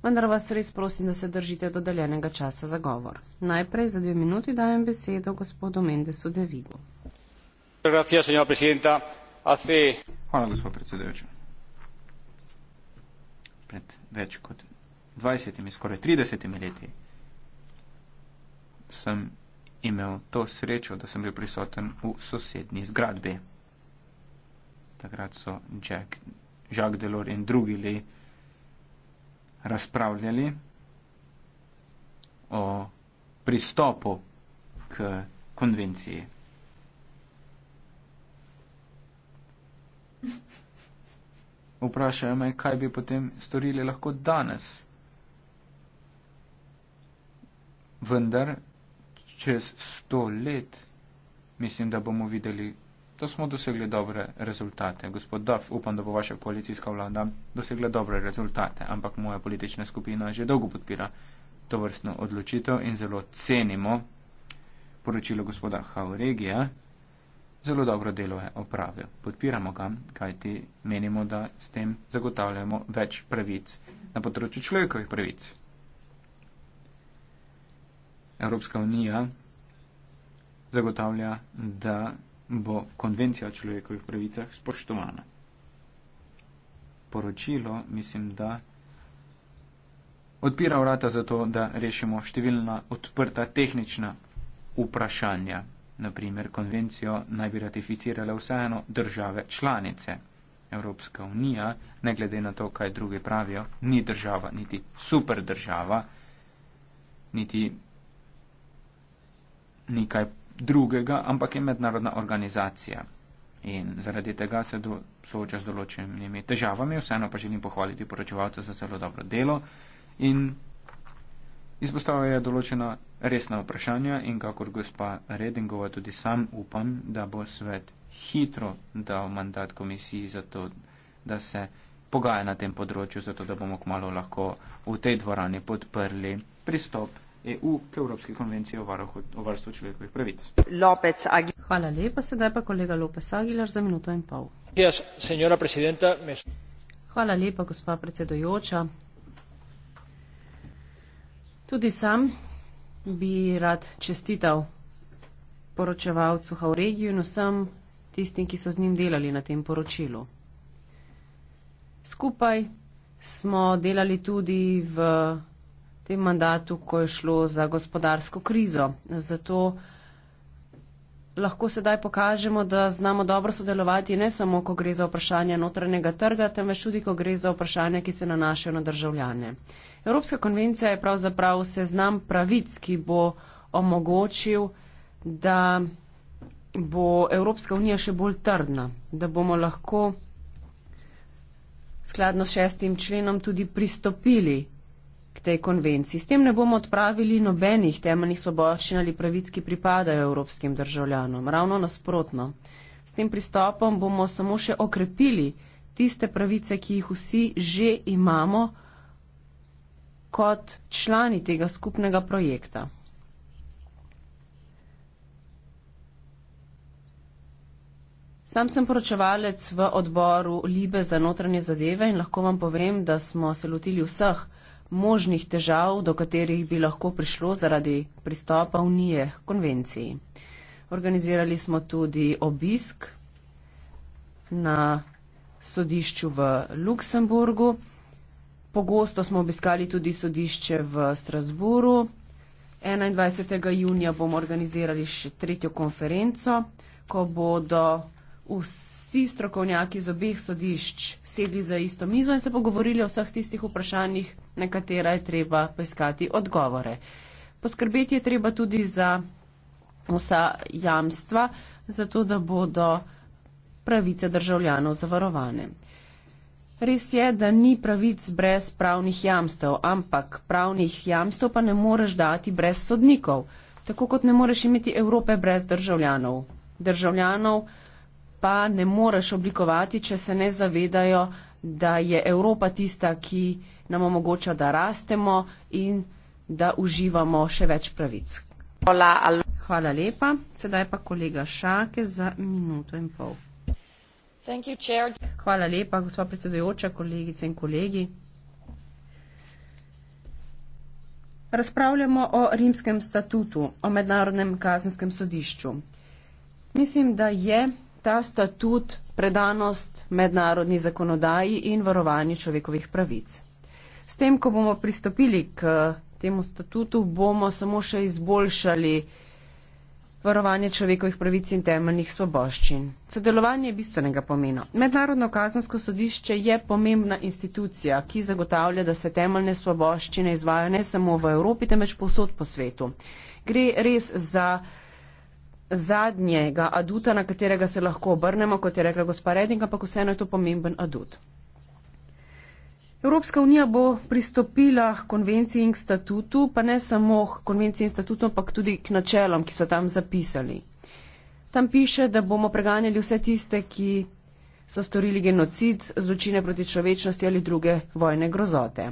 vendar vas res prosim, da se držite dodeljenega časa za govor. Najprej za dve minuti dajem besedo gospodu Mendesu Devigu. Hvala, gospod predsedujoči. Pred več kot 20, skoraj 30 leti sem imel to srečo, da sem bil prisoten v sosednji zgradbi. Takrat so Jack, Jacques Delors in drugi li razpravljali o pristopu k konvenciji. Vprašajo me, kaj bi potem storili lahko danes. Vendar čez sto let, mislim, da bomo videli, da smo dosegli dobre rezultate. Gospod Duff, upam, da bo vaša koalicijska vlada dosegla dobre rezultate, ampak moja politična skupina že dolgo podpira to vrstno odločitev in zelo cenimo poročilo gospoda Hauregija. Zelo dobro delo je opravil. Podpiramo ga, kajti menimo, da s tem zagotavljamo več pravic na področju človekovih pravic. Evropska unija zagotavlja, da bo konvencija o človekovih pravicah spoštovana. Poročilo, mislim, da odpira vrata za to, da rešimo številna odprta tehnična vprašanja. Naprimer, konvencijo naj bi ratificirale vseeno države članice. Evropska unija, ne glede na to, kaj drugi pravijo, ni država, niti super država, niti nekaj drugega, ampak je mednarodna organizacija. In zaradi tega se do, sooča z določenimi težavami, vseeno pa želim pohvaliti poročevalce za zelo dobro delo in izpostavljajo določena resna vprašanja in kakor gospa Redingova tudi sam upam, da bo svet hitro dal mandat komisiji za to, da se pogaja na tem področju, zato da bomo kmalo lahko v tej dvorani podprli pristop EU k Evropski konvenciji o, varohu, o varstvu človekovih pravic. Lopec, Hvala lepa, sedaj pa kolega Lopes Aguilar za minuto in pol. Yes, me... Hvala lepa, gospa predsedojoča. Tudi sam bi rad čestital poročevalcu Hauregiju in vsem tistim, ki so z njim delali na tem poročilu. Skupaj smo delali tudi v tem mandatu, ko je šlo za gospodarsko krizo. Zato lahko sedaj pokažemo, da znamo dobro sodelovati ne samo, ko gre za vprašanje notranjega trga, temveč tudi, ko gre za vprašanje, ki se nanašajo na državljane. Evropska konvencija je pravzaprav seznam pravic, ki bo omogočil, da bo Evropska unija še bolj trdna, da bomo lahko skladno s šestim členom tudi pristopili tej konvenciji. S tem ne bomo odpravili nobenih temeljnih svoboščin ali pravic, ki pripadajo evropskim državljanom. Ravno nasprotno. S tem pristopom bomo samo še okrepili tiste pravice, ki jih vsi že imamo kot člani tega skupnega projekta. Sam sem poročevalec v odboru Libe za notranje zadeve in lahko vam povem, da smo se lotili vseh možnih težav, do katerih bi lahko prišlo zaradi pristopa Unije k konvenciji. Organizirali smo tudi obisk na sodišču v Luksemburgu. Pogosto smo obiskali tudi sodišče v Strasburu. 21. junija bomo organizirali še tretjo konferenco, ko bodo vsi strokovnjaki iz obeh sodišč sedli za isto mizo in se pogovorili o vseh tistih vprašanjih, na katera je treba poiskati odgovore. Poskrbeti je treba tudi za vsa jamstva, zato da bodo pravice državljanov zavarovane. Res je, da ni pravic brez pravnih jamstev, ampak pravnih jamstev pa ne moreš dati brez sodnikov, tako kot ne moreš imeti Evrope brez državljanov. Državljanov pa ne moreš oblikovati, če se ne zavedajo, da je Evropa tista, ki nam omogoča, da rastemo in da uživamo še več pravic. Hvala, Hvala lepa. Sedaj pa kolega Šake za minuto in pol. You, Hvala lepa, gospod predsedujoča, kolegice in kolegi. Razpravljamo o rimskem statutu, o mednarodnem kazenskem sodišču. Mislim, da je ta statut predanost mednarodni zakonodaji in varovanje človekovih pravic. S tem, ko bomo pristopili k temu statutu, bomo samo še izboljšali varovanje človekovih pravic in temeljnih svoboščin. Sodelovanje je bistvenega pomena. Mednarodno kazansko sodišče je pomembna institucija, ki zagotavlja, da se temeljne svoboščine izvajo ne samo v Evropi, temveč povsod po svetu. Gre res za zadnjega aduta, na katerega se lahko obrnemo, kot je rekla gospa Reding, ampak vseeno je to pomemben adut. Evropska unija bo pristopila k konvenciji in k statutu, pa ne samo k konvenciji in statutu, ampak tudi k načelom, ki so tam zapisali. Tam piše, da bomo preganjali vse tiste, ki so storili genocid, zločine proti človečnosti ali druge vojne grozote.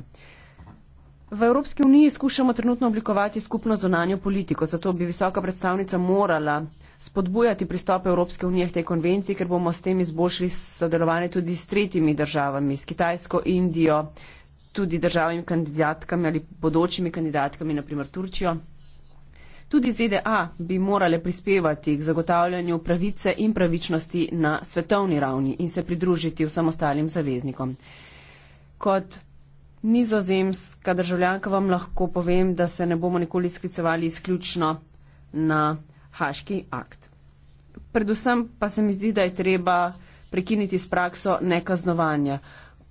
V Evropski uniji skušamo trenutno oblikovati skupno zonanjo politiko, zato bi visoka predstavnica morala spodbujati pristop Evropske unije k tej konvenciji, ker bomo s tem izboljšali sodelovanje tudi s tretjimi državami, s Kitajsko, Indijo, tudi državami kandidatkami ali bodočimi kandidatkami, naprimer Turčijo. Tudi ZDA bi morale prispevati k zagotavljanju pravice in pravičnosti na svetovni ravni in se pridružiti vsem ostalim zaveznikom. Kot Nizozemska državljanka vam lahko povem, da se ne bomo nikoli sklicevali izključno na haški akt. Predvsem pa se mi zdi, da je treba prekiniti s prakso nekaznovanja,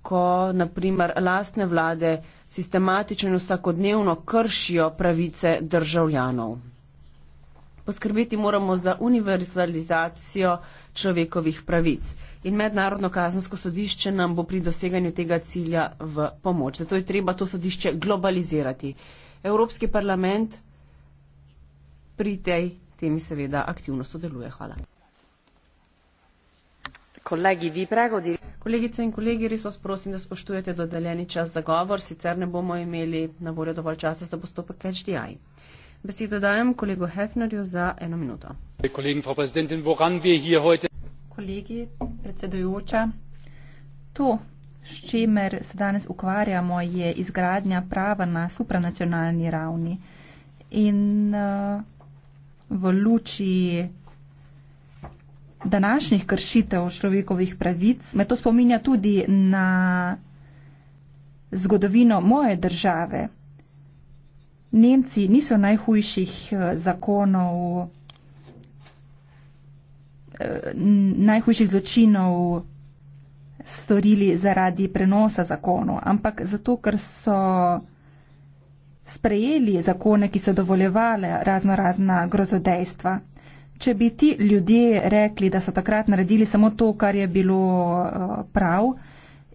ko naprimer lastne vlade sistematično in vsakodnevno kršijo pravice državljanov. Poskrbeti moramo za univerzalizacijo človekovih pravic. In mednarodno kazansko sodišče nam bo pri doseganju tega cilja v pomoč. Zato je treba to sodišče globalizirati. Evropski parlament pri tej temi seveda aktivno sodeluje. Hvala. Kolegi, vi pregodi. Kolegice in kolegi, res vas prosim, da spoštujete dodeljeni čas za govor, sicer ne bomo imeli na voljo dovolj časa za postopek HDI. Besedo dajem kolegu Hefnerju za eno minuto. Kolegi, predsedujoča, to, s čemer se danes ukvarjamo, je izgradnja prava na supranacionalni ravni in uh, v luči današnjih kršitev človekovih pravic me to spominja tudi na zgodovino moje države. Nemci niso najhujših eh, zakonov, eh, najhujših zločinov storili zaradi prenosa zakonov, ampak zato, ker so sprejeli zakone, ki so dovoljevale razno razna grozodejstva. Če bi ti ljudje rekli, da so takrat naredili samo to, kar je bilo eh, prav,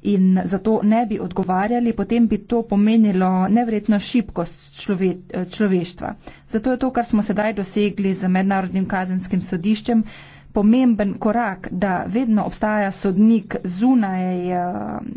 in zato ne bi odgovarjali, potem bi to pomenilo nevredno šibkost člove, človeštva. Zato je to, kar smo sedaj dosegli z Mednarodnim kazenskim sodiščem, pomemben korak, da vedno obstaja sodnik zunaj eh,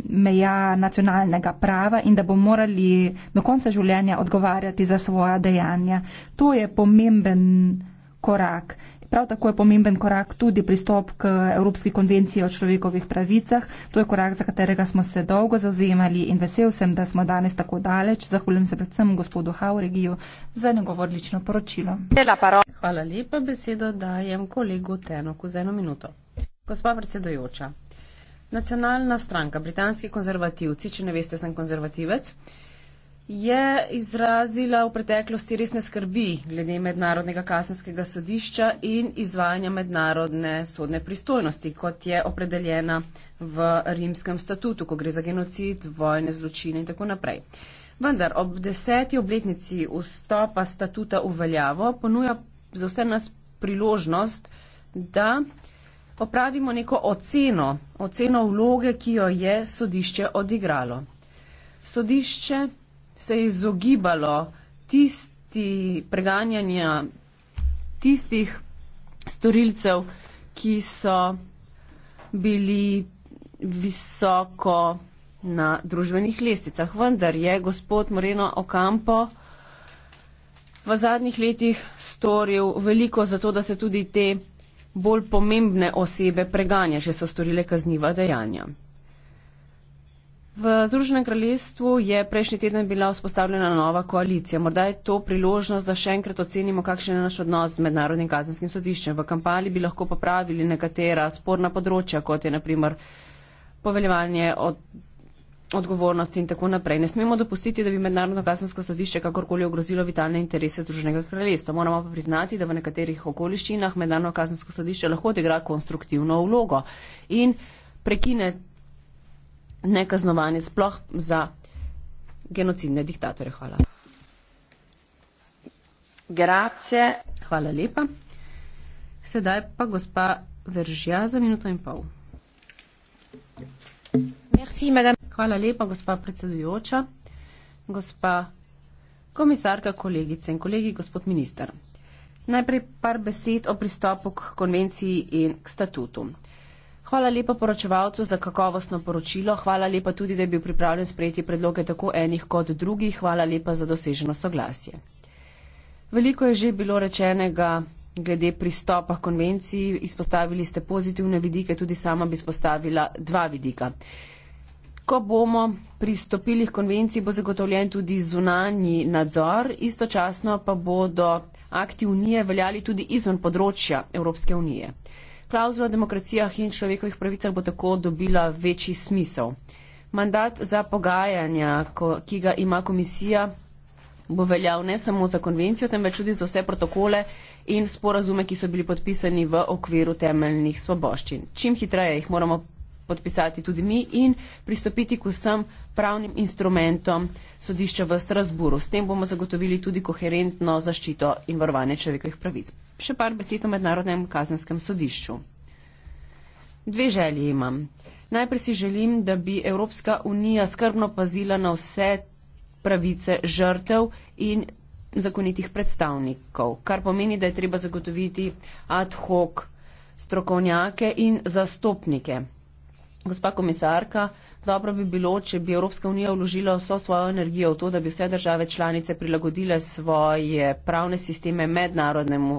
meja nacionalnega prava in da bo morali do konca življenja odgovarjati za svoja dejanja. To je pomemben korak. Prav tako je pomemben korak tudi pristop k Evropski konvenciji o človekovih pravicah. To je korak, za katerega smo se dolgo zauzemali in vesel sem, da smo danes tako daleč. Zahvaljujem se predvsem gospodu Hauregiju za njegovo odlično poročilo. Hvala lepa, besedo dajem kolegu Tenoku za eno minuto. Gospa predsedojoča, nacionalna stranka, britanski konzervativci, če ne veste, sem konzervativec je izrazila v preteklosti resne skrbi glede mednarodnega kasenskega sodišča in izvajanja mednarodne sodne pristojnosti, kot je opredeljena v rimskem statutu, ko gre za genocid, vojne zločine in tako naprej. Vendar ob deseti obletnici vstopa statuta v veljavo ponuja za vse nas priložnost, da opravimo neko oceno, oceno vloge, ki jo je sodišče odigralo. Sodišče se je izogibalo tisti preganjanja tistih storilcev, ki so bili visoko na družbenih lesticah. Vendar je gospod Moreno Okampo v zadnjih letih storil veliko za to, da se tudi te bolj pomembne osebe preganja, če so storile kazniva dejanja. V Združenem kraljestvu je prejšnji teden bila vzpostavljena nova koalicija. Morda je to priložnost, da še enkrat ocenimo, kakšen je naš odnos z mednarodnim kazenskim sodiščem. V kampali bi lahko popravili nekatera sporna področja, kot je naprimer poveljevanje od, odgovornosti in tako naprej. Ne smemo dopustiti, da bi mednarodno kazensko sodišče kakorkoli ogrozilo vitalne interese Združenega kraljestva. Moramo pa priznati, da v nekaterih okoliščinah mednarodno kazensko sodišče lahko odigra konstruktivno vlogo in prekine nekaznovani sploh za genocidne diktatore. Hvala. Grazie. Hvala lepa. Sedaj pa gospa Veržja za minuto in pol. Merci, Hvala lepa, gospa predsedujoča, gospa komisarka, kolegice in kolegi, gospod minister. Najprej par besed o pristopu k konvenciji in k statutu. Hvala lepa poročevalcu za kakovostno poročilo. Hvala lepa tudi, da je bil pripravljen sprejeti predloge tako enih kot drugih. Hvala lepa za doseženo soglasje. Veliko je že bilo rečenega glede pristopa k konvenciji. Izpostavili ste pozitivne vidike, tudi sama bi izpostavila dva vidika. Ko bomo pristopili k konvenciji, bo zagotovljen tudi zunanji nadzor, istočasno pa bodo akti unije veljali tudi izven področja Evropske unije klauzula o demokracijah in človekovih pravicah bo tako dobila večji smisel. Mandat za pogajanja, ki ga ima komisija, bo veljal ne samo za konvencijo, temveč tudi za vse protokole in sporazume, ki so bili podpisani v okviru temeljnih svoboščin. Čim hitreje jih moramo podpisati tudi mi in pristopiti k vsem pravnim instrumentom sodišča v Strasburu. S tem bomo zagotovili tudi koherentno zaščito in varovanje človekovih pravic. Še par besed o mednarodnem kazenskem sodišču. Dve želji imam. Najprej si želim, da bi Evropska unija skrbno pazila na vse pravice žrtev in zakonitih predstavnikov, kar pomeni, da je treba zagotoviti ad hoc strokovnjake in zastopnike. Gospa komisarka, Dobro bi bilo, če bi Evropska unija vložila vso svojo energijo v to, da bi vse države članice prilagodile svoje pravne sisteme mednarodnemu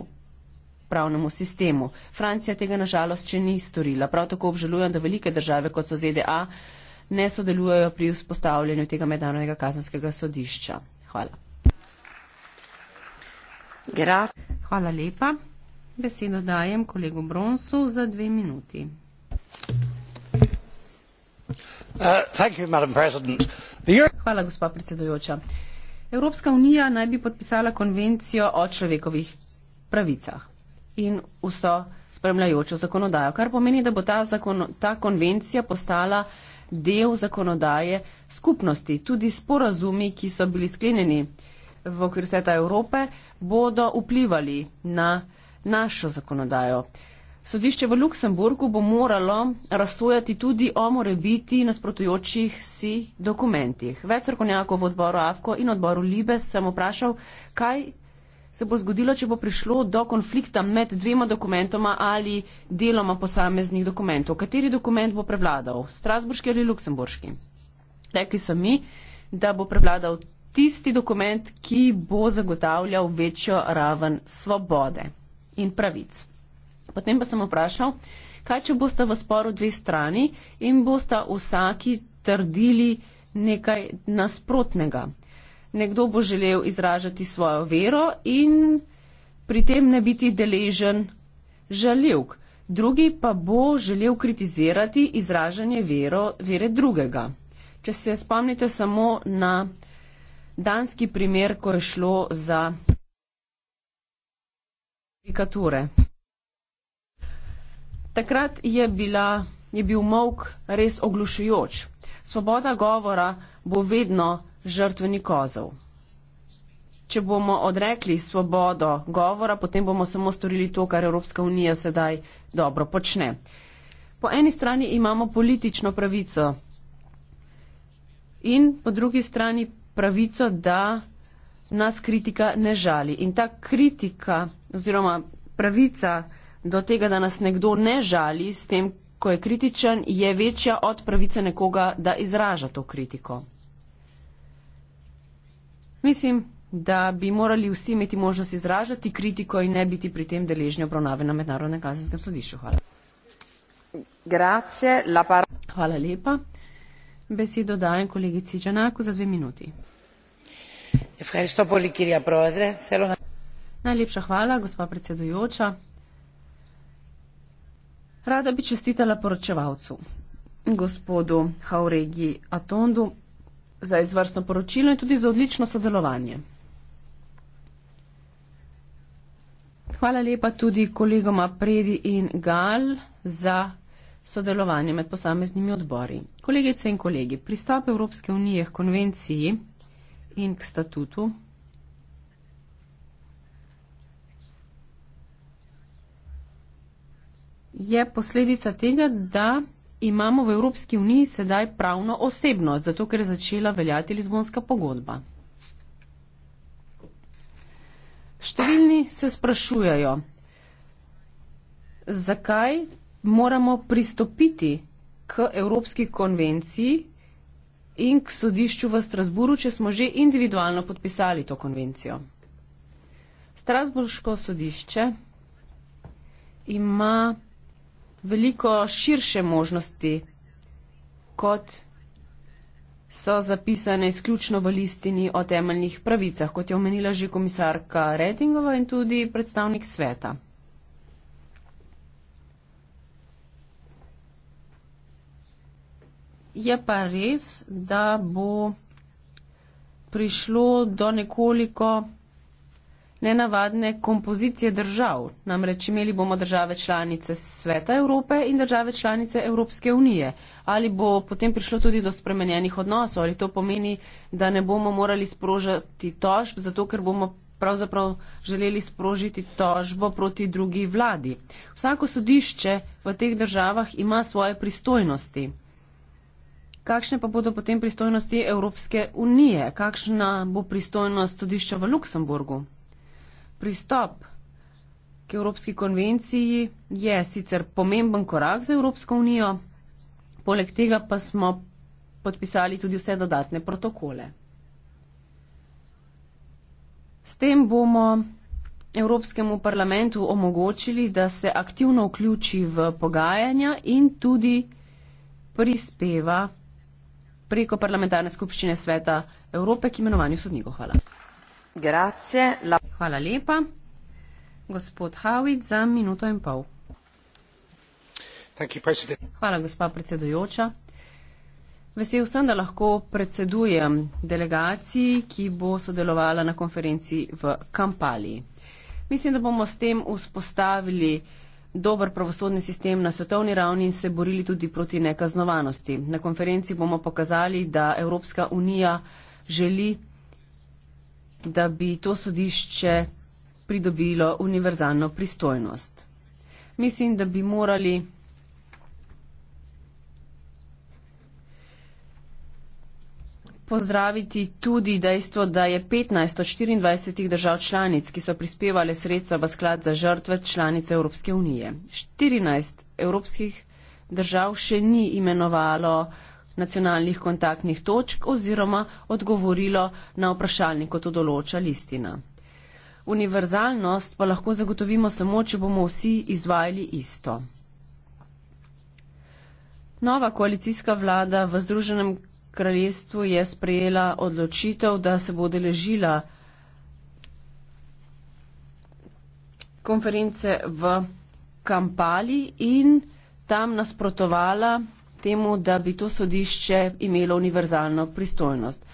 pravnemu sistemu. Francija tega nažalost še ni storila. Prav tako obžalujem, da velike države, kot so ZDA, ne sodelujejo pri vzpostavljanju tega mednarodnega kazanskega sodišča. Hvala. Hvala lepa. Besedo dajem kolegu Bronsu za dve minuti. Uh, evropska unija naj bi podpisala konvencijo o človekovih pravicah in vso spremljajočo zakonodajo kar pomeni da bo ta, zakon, ta konvencija postala del zakonodaje skupnosti tudi sporazumi ki so bili sklenjeni v okviru sveta evrope bodo vplivali na našo zakonodajo. Sodišče v Luksemburgu bo moralo razsojati tudi o morebiti nasprotujočih si dokumentih. Več srkonjakov v odboru AFKO in odboru Libe sem vprašal, kaj se bo zgodilo, če bo prišlo do konflikta med dvema dokumentoma ali deloma posameznih dokumentov. Kateri dokument bo prevladal, strasburški ali luksemburški? Rekli so mi, da bo prevladal tisti dokument, ki bo zagotavljal večjo raven svobode in pravic. Potem pa sem vprašal, kaj če boste v sporu dve strani in boste vsaki trdili nekaj nasprotnega. Nekdo bo želel izražati svojo vero in pri tem ne biti deležen žaljivk, drugi pa bo želel kritizirati izražanje vero, vere drugega. Če se spomnite samo na danski primer, ko je šlo za karikature. Takrat je, bila, je bil mok res oglušujoč. Svoboda govora bo vedno žrtveni kozov. Če bomo odrekli svobodo govora, potem bomo samo storili to, kar Evropska unija sedaj dobro počne. Po eni strani imamo politično pravico in po drugi strani pravico, da nas kritika ne žali. In ta kritika oziroma pravica do tega, da nas nekdo ne žali s tem, ko je kritičen, je večja od pravice nekoga, da izraža to kritiko. Mislim, da bi morali vsi imeti možnost izražati kritiko in ne biti pri tem deležni obravnave na mednarodnem kazenskem sodišču. Hvala. Grazie, la par- Hvala lepa. Besedo dajem kolegici Čanaku za dve minuti. Najlepša hvala, gospa predsedujoča. Rada bi čestitala poročevalcu, gospodu Hauregi Atondu, za izvrstno poročilo in tudi za odlično sodelovanje. Hvala lepa tudi kolegoma Predi in Gal za sodelovanje med posameznimi odbori. Kolegice in kolegi, pristop Evropske unije k konvenciji in k statutu je posledica tega, da imamo v Evropski uniji sedaj pravno osebnost, zato ker je začela veljati Lizbonska pogodba. Številni se sprašujejo, zakaj moramo pristopiti k Evropski konvenciji in k sodišču v Strasburu, če smo že individualno podpisali to konvencijo. Strasburško sodišče ima veliko širše možnosti, kot so zapisane izključno v listini o temeljnih pravicah, kot je omenila že komisarka Redingova in tudi predstavnik sveta. Je pa res, da bo prišlo do nekoliko nenavadne kompozicije držav. Namreč imeli bomo države članice Sveta Evrope in države članice Evropske unije. Ali bo potem prišlo tudi do spremenjenih odnosov, ali to pomeni, da ne bomo morali sprožati tožb, zato ker bomo pravzaprav želeli sprožiti tožbo proti drugi vladi. Vsako sodišče v teh državah ima svoje pristojnosti. Kakšne pa bodo potem pristojnosti Evropske unije? Kakšna bo pristojnost sodišča v Luksemburgu? Pristop k Evropski konvenciji je sicer pomemben korak za Evropsko unijo, poleg tega pa smo podpisali tudi vse dodatne protokole. S tem bomo Evropskemu parlamentu omogočili, da se aktivno vključi v pogajanja in tudi prispeva preko parlamentarne skupščine sveta Evrope k imenovanju sodnikov. Hvala. Grazie. La... Hvala lepa. Gospod Havid za minuto in pol. Hvala, gospa predsedujoča. Vesel sem, da lahko predsedujem delegaciji, ki bo sodelovala na konferenci v Kampali. Mislim, da bomo s tem vzpostavili dober pravosodni sistem na svetovni ravni in se borili tudi proti nekaznovanosti. Na konferenci bomo pokazali, da Evropska unija želi da bi to sodišče pridobilo univerzalno pristojnost. Mislim, da bi morali pozdraviti tudi dejstvo, da je 15 od 24 držav članic, ki so prispevali sredstva v sklad za žrtve članice Evropske unije. 14 evropskih držav še ni imenovalo uh, nacionalnih kontaktnih točk oziroma odgovorilo na vprašalnik, kot to določa listina. Univerzalnost pa lahko zagotovimo samo, če bomo vsi izvajali isto. Nova koalicijska vlada v Združenem kraljestvu je sprejela odločitev, da se bo deležila konference v Kampali in tam nasprotovala temu, da bi to sodišče imelo univerzalno pristojnost.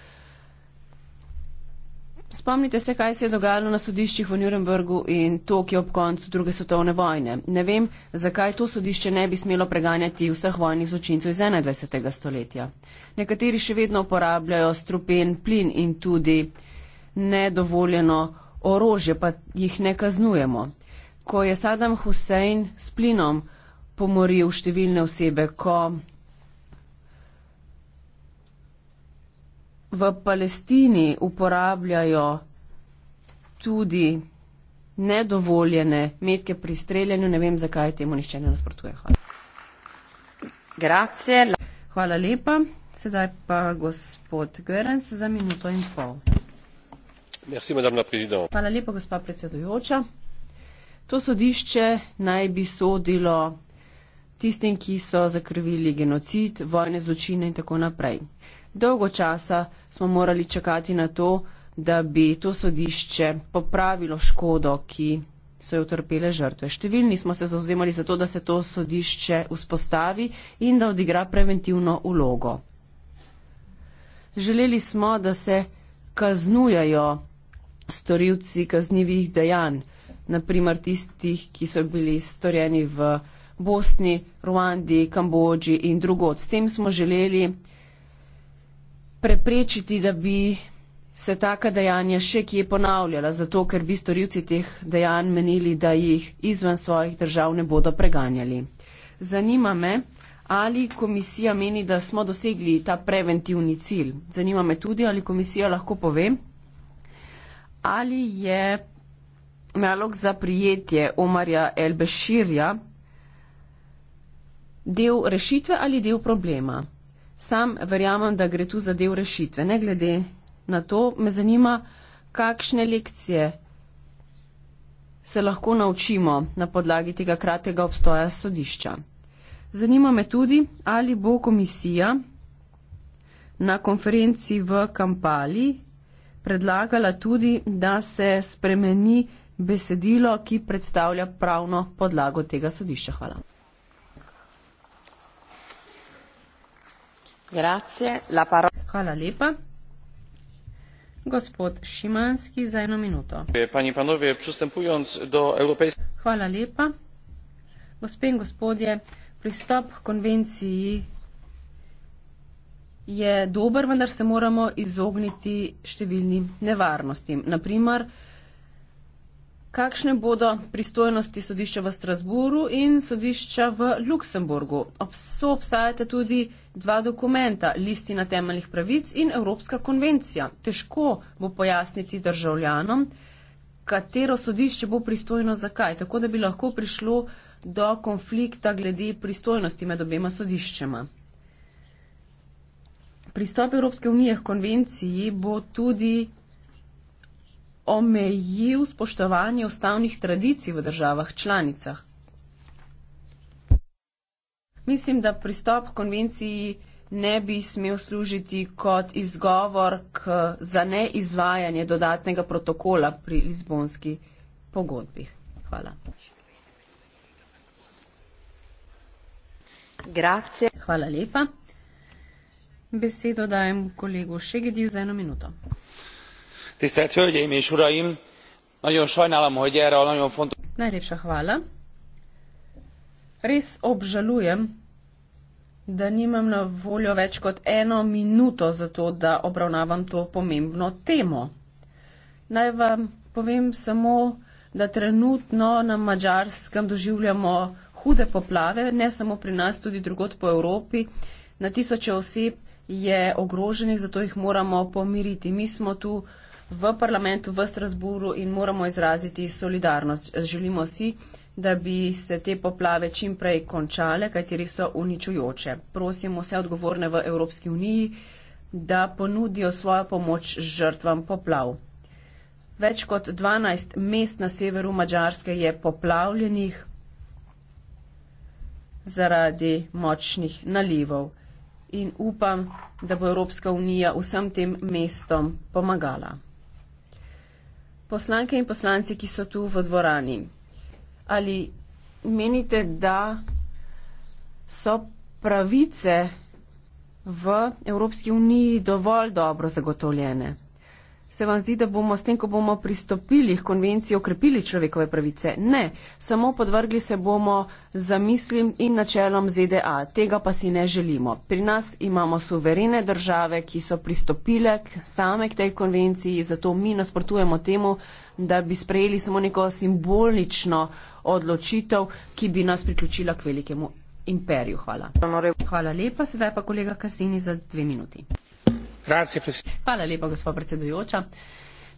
Spomnite se, kaj se je dogajalo na sodiščih v Nürnbergu in Tokiu ob koncu druge svetovne vojne. Ne vem, zakaj to sodišče ne bi smelo preganjati vseh vojnih zločincev iz 21. stoletja. Nekateri še vedno uporabljajo strupen plin in tudi nedovoljeno orožje, pa jih ne kaznujemo. Ko je Saddam Hussein s plinom pomoril številne osebe, ko v Palestini uporabljajo tudi nedovoljene metke pri streljanju. Ne vem, zakaj temu nišče ne nasprotuje. Hvala. Grazie. Hvala lepa. Sedaj pa gospod Gerens za minuto in pol. Merci, Hvala lepa, gospa predsedujoča. To sodišče naj bi sodilo tistim, ki so zakrivili genocid, vojne zločine in tako naprej dolgo časa smo morali čakati na to, da bi to sodišče popravilo škodo, ki so jo utrpele žrtve. Številni smo se zauzemali za to, da se to sodišče vzpostavi in da odigra preventivno ulogo. Želeli smo, da se kaznujajo storilci kaznjivih dejanj, naprimer tistih, ki so bili storjeni v Bosni, Ruandi, Kambodži in drugod. S tem smo želeli preprečiti, da bi se taka dejanja še kje ponavljala, zato ker bi storilci teh dejanj menili, da jih izven svojih držav ne bodo preganjali. Zanima me, ali komisija meni, da smo dosegli ta preventivni cilj. Zanima me tudi, ali komisija lahko pove, ali je nalog za prijetje Omarja Elbeširja del rešitve ali del problema. Sam verjamem, da gre tu za del rešitve. Ne glede na to, me zanima, kakšne lekcije se lahko naučimo na podlagi tega kratkega obstoja sodišča. Zanima me tudi, ali bo komisija na konferenci v Kampali predlagala tudi, da se spremeni besedilo, ki predstavlja pravno podlago tega sodišča. Hvala. Grazie, la paro- Hvala lepa. Gospod Šimanski za eno minuto. Pani panovje, pristopujoč do evropejske. Hvala lepa. Gospe in gospodje, pristop k konvenciji je dober, vendar se moramo izogniti številnim nevarnostim. Naprimer, kakšne bodo pristojnosti sodišča v Strasburu in sodišča v Luksemburgu. Obso obstajate tudi dva dokumenta, listina temeljnih pravic in Evropska konvencija. Težko bo pojasniti državljanom, katero sodišče bo pristojno zakaj, tako da bi lahko prišlo do konflikta glede pristojnosti med obema sodiščema. Pristop Evropske unije k konvenciji bo tudi omejil spoštovanje ustavnih tradicij v državah članicah, Mislim, da pristop konvenciji ne bi smel služiti kot izgovor k, za neizvajanje dodatnega protokola pri Lizbonski pogodbi. Hvala. Grazie. Hvala lepa. Besedo dajem kolegu Šegediju za eno minuto. Tisztelt hölgyeim és uraim, nagyon sajnálom, hogy erre a nagyon fontos... Najlepša hvala res obžalujem, da nimam na voljo več kot eno minuto za to, da obravnavam to pomembno temo. Naj vam povem samo, da trenutno na Mačarskem doživljamo hude poplave, ne samo pri nas, tudi drugot po Evropi. Na tisoče oseb je ogroženih, zato jih moramo pomiriti. Mi smo tu v parlamentu, v Strasburu in moramo izraziti solidarnost. Želimo si, da bi se te poplave čim prej končale, kateri so uničujoče. Prosimo vse odgovorne v Evropski uniji, da ponudijo svojo pomoč žrtvam poplav. Več kot 12 mest na severu Mačarske je poplavljenih zaradi močnih nalivov in upam, da bo Evropska unija vsem tem mestom pomagala. Poslanke in poslanci, ki so tu v dvorani, ali menite, da so pravice v Evropski uniji dovolj dobro zagotovljene? Se vam zdi, da bomo s tem, ko bomo pristopili k konvenciji, okrepili človekove pravice? Ne, samo podvrgli se bomo zamislim in načelom ZDA. Tega pa si ne želimo. Pri nas imamo suverene države, ki so pristopile k same k tej konvenciji, zato mi nasprotujemo temu, da bi sprejeli samo neko simbolično uh, odločitev, ki bi nas priključila k velikemu imperiju. Hvala. Hvala lepa, sedaj pa kolega Kasini za dve minuti. Hvala lepa, gospod predsedujoča.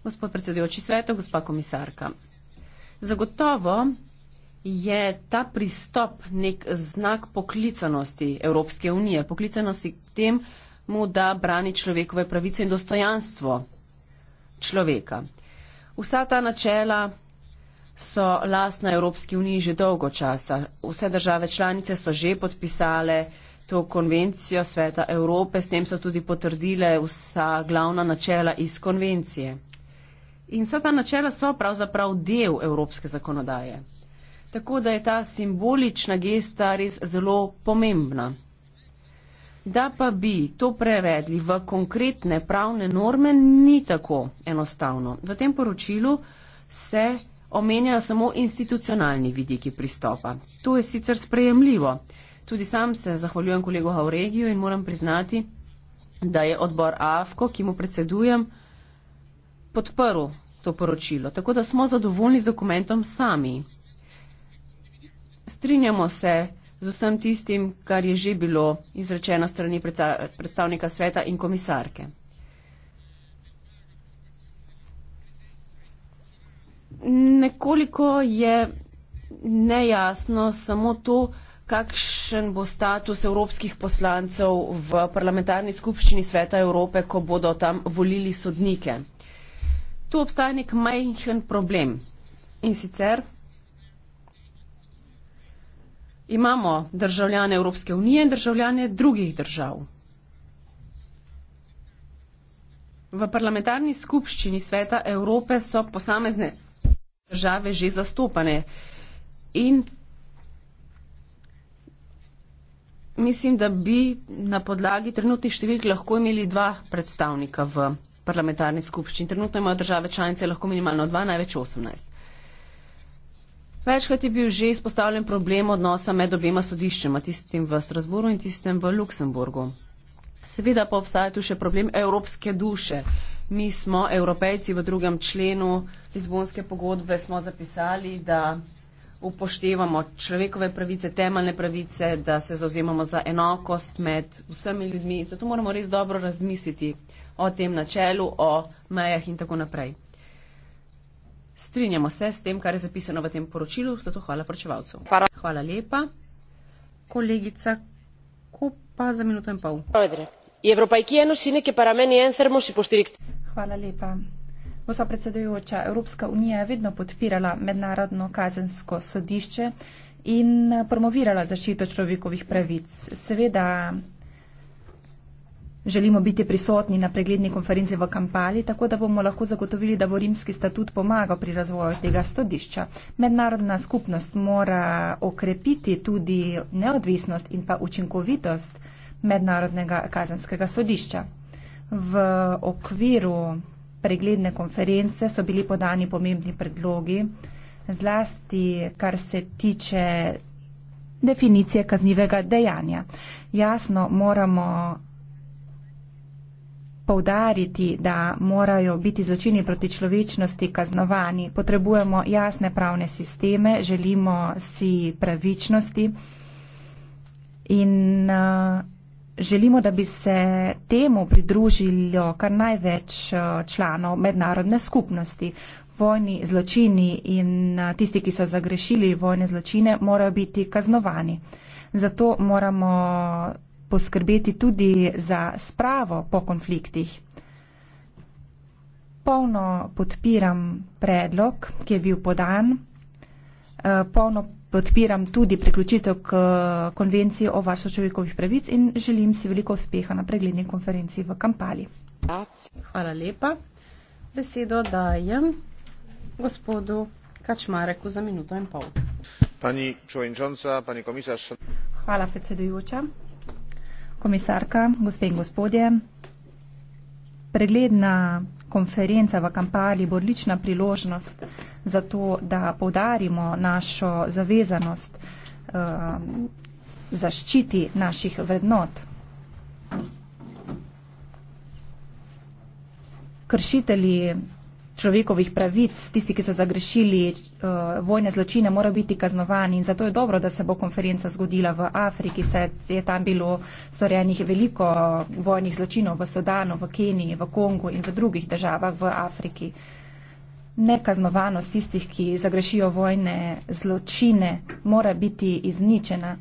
Gospod predsedujoči sveto, gospa komisarka. Zagotovo je ta pristop nek znak poklicanosti Evropske unije, poklicanosti k temu, da brani človekove pravice in dostojanstvo človeka. Vsa ta načela so last na Evropski uniji že dolgo časa. Vse države članice so že podpisale to konvencijo Sveta Evrope, s tem so tudi potrdile vsa glavna načela iz konvencije. In vsa ta načela so pravzaprav del evropske zakonodaje. Tako da je ta simbolična gesta res zelo pomembna. Da pa bi to prevedli v konkretne pravne norme, ni tako enostavno. V tem poročilu se omenjajo samo institucionalni vidiki pristopa. To je sicer sprejemljivo. Tudi sam se zahvaljujem kolegu Hauregiju in moram priznati, da je odbor AFKO, ki mu predsedujem, podprl to poročilo. Tako da smo zadovoljni z dokumentom sami. Strinjamo se z vsem tistim, kar je že bilo izrečeno strani predstavnika sveta in komisarke. Nekoliko je nejasno samo to, kakšen bo status evropskih poslancev v parlamentarni skupščini Sveta Evrope, ko bodo tam volili sodnike. Tu obstaja nek majhen problem. In sicer imamo državljane Evropske unije in državljane drugih držav. V parlamentarni skupščini sveta Evrope so posamezne države že zastopane in mislim, da bi na podlagi trenutnih številk lahko imeli dva predstavnika v parlamentarni skupščini. Trenutno imajo države članice lahko minimalno dva, največ 18. Večkrat je bil že izpostavljen problem odnosa med obema sodiščema, tistim v Strasburu in tistim v Luksemburgu. Seveda pa obstaja tu še problem evropske duše. Mi smo, evropejci, v drugem členu Lizbonske pogodbe smo zapisali, da upoštevamo človekove pravice, temeljne pravice, da se zauzemamo za enakost med vsemi ljudmi. Zato moramo res dobro razmisliti o tem načelu, o mejah in tako naprej. Strinjamo se s tem, kar je zapisano v tem poročilu, zato hvala poročevalcu. Hvala lepa. Kolegica Hvala lepa. Gospa predsedujoča, Evropska unija je vedno podpirala mednarodno kazensko sodišče in promovirala zaščito človekovih pravic. Seveda Želimo biti prisotni na pregledni konferenci v Kampali, tako da bomo lahko zagotovili, da bo rimski statut pomagal pri razvoju tega stodišča. Mednarodna skupnost mora okrepiti tudi neodvisnost in pa učinkovitost mednarodnega kazenskega sodišča. V okviru pregledne konference so bili podani pomembni predlogi, zlasti kar se tiče definicije kaznivega dejanja. Jasno moramo poudariti, da morajo biti zločini proti človečnosti kaznovani. Potrebujemo jasne pravne sisteme, želimo si pravičnosti in uh, želimo, da bi se temu pridružilo kar največ uh, članov mednarodne skupnosti. Vojni zločini in uh, tisti, ki so zagrešili vojne zločine, morajo biti kaznovani. Zato moramo poskrbeti tudi za spravo po konfliktih. Polno podpiram predlog, ki je bil podan. Eh, polno podpiram tudi priključitev k konvenciji o varstvu človekovih pravic in želim si veliko uspeha na pregledni konferenciji v Kampali. Hvala lepa. Besedo dajem gospodu Kačmareku za minuto in pol. Pani predsedujoča, komisarka, gospe in gospodje. Pregledna konferenca v Kampali bo odlična priložnost za to, da povdarimo našo zavezanost uh, zaščiti naših vrednot. Kršitelji človekovih pravic, tisti, ki so zagrešili uh, vojne zločine, morajo biti kaznovani. In zato je dobro, da se bo konferenca zgodila v Afriki, saj je tam bilo storjenih veliko vojnih zločinov v Sudanu, v Keniji, v Kongu in v drugih državah v Afriki. Nekaznovanost tistih, ki zagrešijo vojne zločine, mora biti izničena.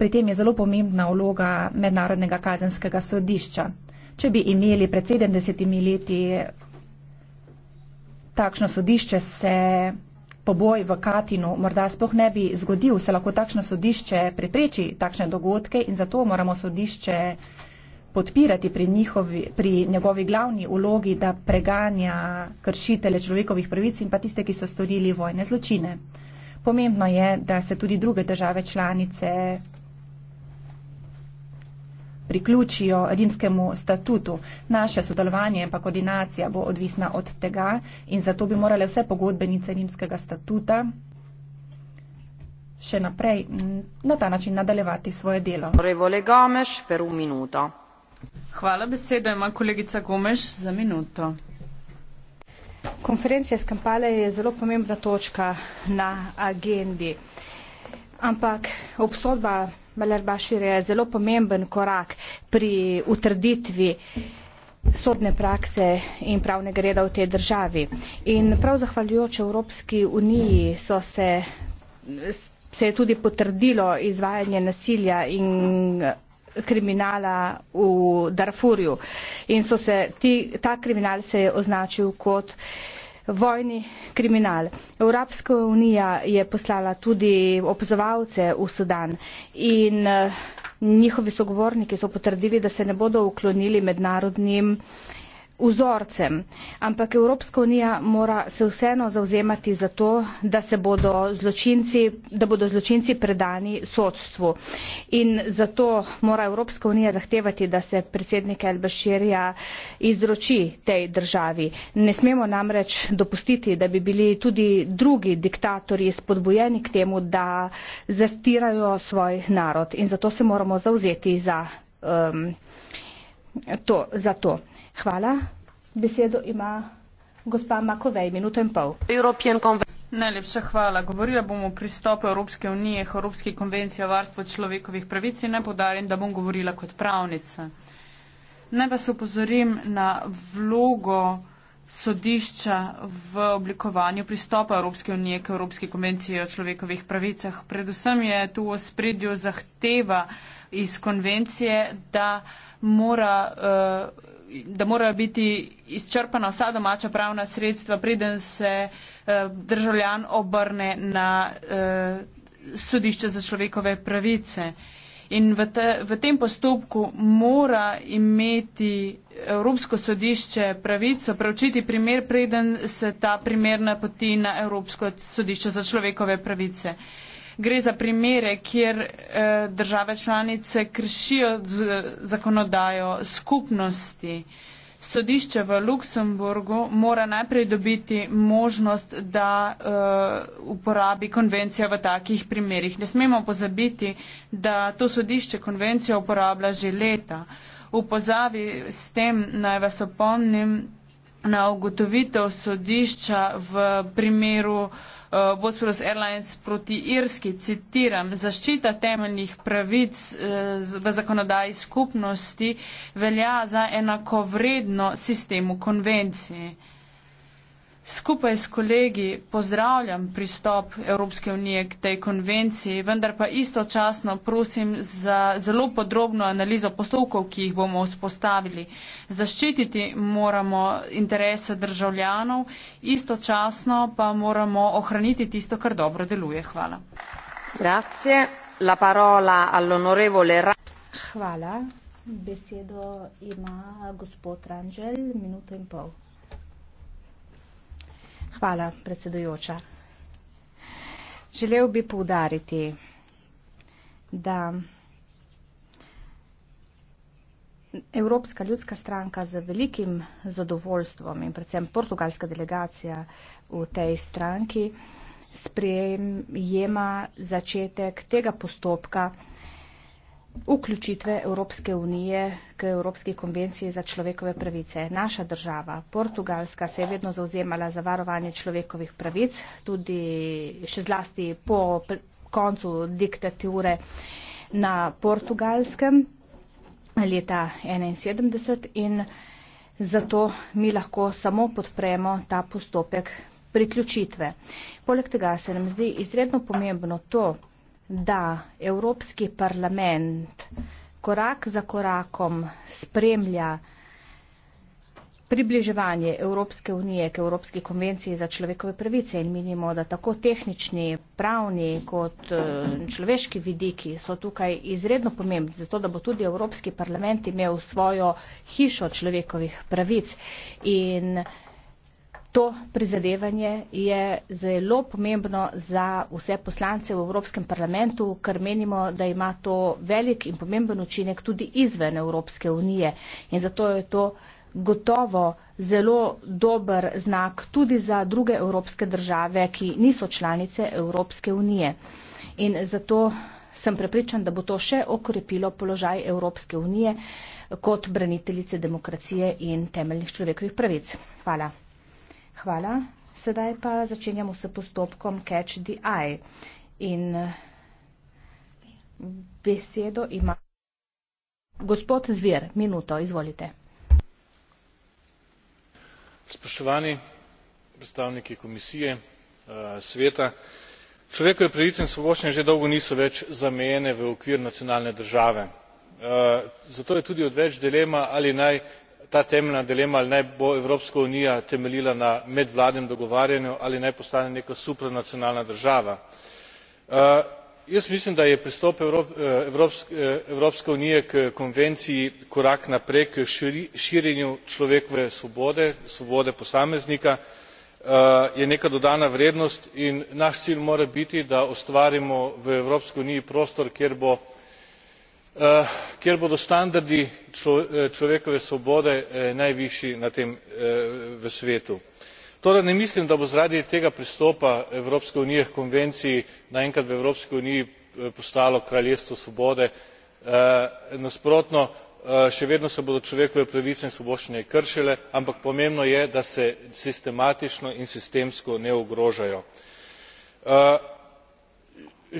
Pri tem je zelo pomembna vloga Mednarodnega kazenskega sodišča. Če bi imeli pred 70 leti takšno sodišče se poboj v Katinu morda sploh ne bi zgodil, se lahko takšno sodišče prepreči takšne dogodke in zato moramo sodišče podpirati pri, njihovi, pri njegovi glavni ulogi, da preganja kršitele človekovih pravic in pa tiste, ki so storili vojne zločine. Pomembno je, da se tudi druge države članice priključijo rimskemu statutu. Naše sodelovanje in pa koordinacija bo odvisna od tega in zato bi morale vse pogodbenice rimskega statuta še naprej na ta način nadaljevati svoje delo. Hvala, besedo ima kolegica Gomeš za minuto. Konferencija iz Kampale je zelo pomembna točka na agendi. Ampak obsodba Malerbašir je zelo pomemben korak pri utrditvi sodne prakse in pravnega reda v tej državi. In prav zahvaljujoč Evropski uniji so se, se je tudi potrdilo izvajanje nasilja in kriminala v Darfurju. In so se ti, ta kriminal se je označil kot uh, vojni kriminal. Evropska unija je poslala tudi opazovalce v Sudan in eh, njihovi sogovorniki so potrdili, da se ne bodo uklonili mednarodnim vzorcem. Ampak Evropska unija mora se vseeno zauzemati za to, da, bodo zločinci, da bodo zločinci predani sodstvu. In zato mora Evropska unija zahtevati, da se predsednik El Bashirja izroči tej državi. Ne smemo namreč dopustiti, da bi bili tudi drugi diktatorji spodbujeni k temu, da zastirajo svoj narod. In zato se moramo zauzeti za um, to. Za to. Hvala. Besedo ima gospa Makovej, minuto in pol. Najlepša hvala. Govorila bom o pristopu Evropske unije, Evropski konvencija o varstvu človekovih pravic in naj podarim, da bom govorila kot pravnica. Naj vas upozorim na vlogo sodišča v oblikovanju pristopa Evropske unije k Evropski konvenciji o človekovih pravicah. Predvsem je tu v spredju zahteva iz konvencije, da mora. Uh, da morajo biti izčrpana vsa domača pravna sredstva, preden se eh, državljan obrne na eh, sodišče za človekove pravice. In v, te, v tem postopku mora imeti Evropsko sodišče pravico preučiti primer, preden se ta primer napoti na Evropsko sodišče za človekove pravice. Uh, gre za primere, kjer eh, države članice kršijo z, zakonodajo skupnosti. Sodišče v Luksemburgu mora najprej dobiti možnost, da uh, uporabi konvencijo v takih primerih. Ne smemo pozabiti, da to sodišče konvencijo uporablja že leta. V pozavi s tem naj vas opomnim, na ugotovitev sodišča v primeru uh, Bosporus Airlines proti Irski. Citiram, zaščita temeljnih pravic uh, v zakonodaji skupnosti velja za enakovredno sistemu konvencije. Skupaj s kolegi pozdravljam pristop Evropske unije k tej konvenciji, vendar pa istočasno prosim za zelo podrobno analizo postopkov, ki jih bomo vzpostavili. Zaščititi moramo interese državljanov, istočasno pa moramo ohraniti tisto, kar dobro deluje. Hvala. Grazie. La parola all'onorevole Ra. Hvala. Besedo ima gospod Rangel, minuto in pol. Hvala, predsedujoča. Želel bi poudariti, da Evropska ljudska stranka z velikim zadovoljstvom in predvsem portugalska delegacija v tej stranki sprejema začetek tega postopka, vključitve Evropske unije k Evropski konvenciji za človekove pravice. Naša država, Portugalska, se je vedno zauzemala za varovanje človekovih pravic, tudi še zlasti po koncu diktature na Portugalskem leta 1971 in zato mi lahko samo podpremo ta postopek priključitve. Poleg tega se nam zdi izredno pomembno to, da Evropski parlament korak za korakom spremlja približevanje Evropske unije k Evropski konvenciji za človekove pravice in menimo, da tako tehnični, pravni kot eh, človeški vidiki so tukaj izredno pomembni, zato da bo tudi Evropski parlament imel svojo hišo človekovih pravic. In To prizadevanje je zelo pomembno za vse poslance v Evropskem parlamentu, ker menimo, da ima to velik in pomemben učinek tudi izven Evropske unije. In zato je to gotovo zelo dober znak tudi za druge evropske države, ki niso članice Evropske unije. In zato sem prepričan, da bo to še okrepilo položaj Evropske unije kot braniteljice demokracije in temeljnih človekovih pravic. Hvala. Hvala. Sedaj pa začenjamo s postopkom Catch the Eye. In besedo ima gospod Zvir. Minuto, izvolite. Spoštovani predstavniki komisije, eh, sveta. Človekove pravice in svobošnje že dolgo niso več zamejene v okvir nacionalne države. Eh, zato je tudi odveč dilema, ali naj ta temeljna dilema ali naj bo evropska unija temeljila na medvladnem dogovarjanju ali naj postane neka supranacionalna država. Uh, jaz mislim da je pristop uh, uh, evropske unije h konvenciji korak naprej k širjenju človekove svobode svobode posameznika je neka dodana vrednost in naš cilj mora biti da ustvarimo v evropski uniji prostor kjer bo Eh, kjer bodo standardi eh, človekove svobode eh, najvišji na tem v svetu. toda torej, ne mislim da bo zaradi tega pristopa evropske unije h konvenciji naenkrat v evropski uniji postalo kraljestvo svobode nasprotno še vedno se bodo človekove pravice in svoboščine kršile ampak pomembno je da se sistematično in sistemsko ne ogrožajo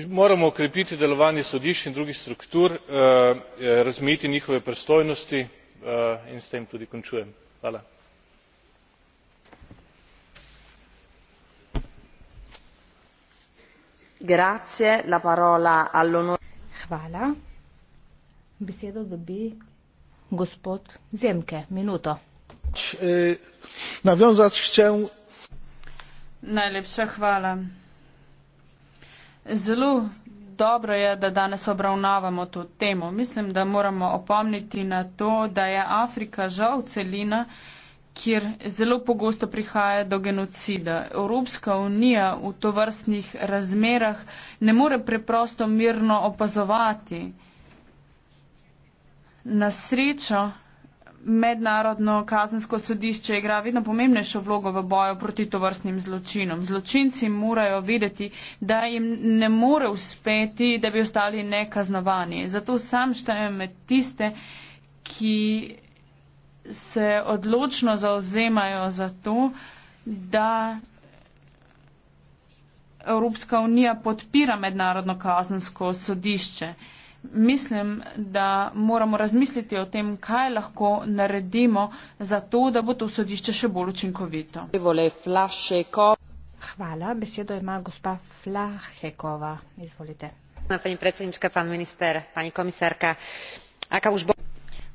moramo okrepiti delovanje sodišč in drugih struktur eh, eh, razmejiti njihove pristojnosti eh, in s tem tudi končujem. najlepša hvala. Zelo dobro je, da danes obravnavamo to temo. Mislim, da moramo opomniti na to, da je Afrika žal celina, kjer zelo pogosto prihaja do genocida. Evropska unija v tovrstnih razmerah ne more preprosto mirno opazovati. Na srečo mednarodno kazensko sodišče igra vedno pomembnejšo vlogo v boju proti tovrstnim zločinom. Zločinci morajo videti, da jim ne more uspeti, da bi ostali nekaznovani. Zato sam štejem med tiste, ki se odločno zauzemajo za to, da. Evropska unija podpira mednarodno kazensko sodišče. Uh, Mislim, da moramo razmisliti o tem, kaj lahko naredimo za to, da bo to sodišče še bolj učinkovito. Hvala. Besedo ima gospa Flahekova. Izvolite.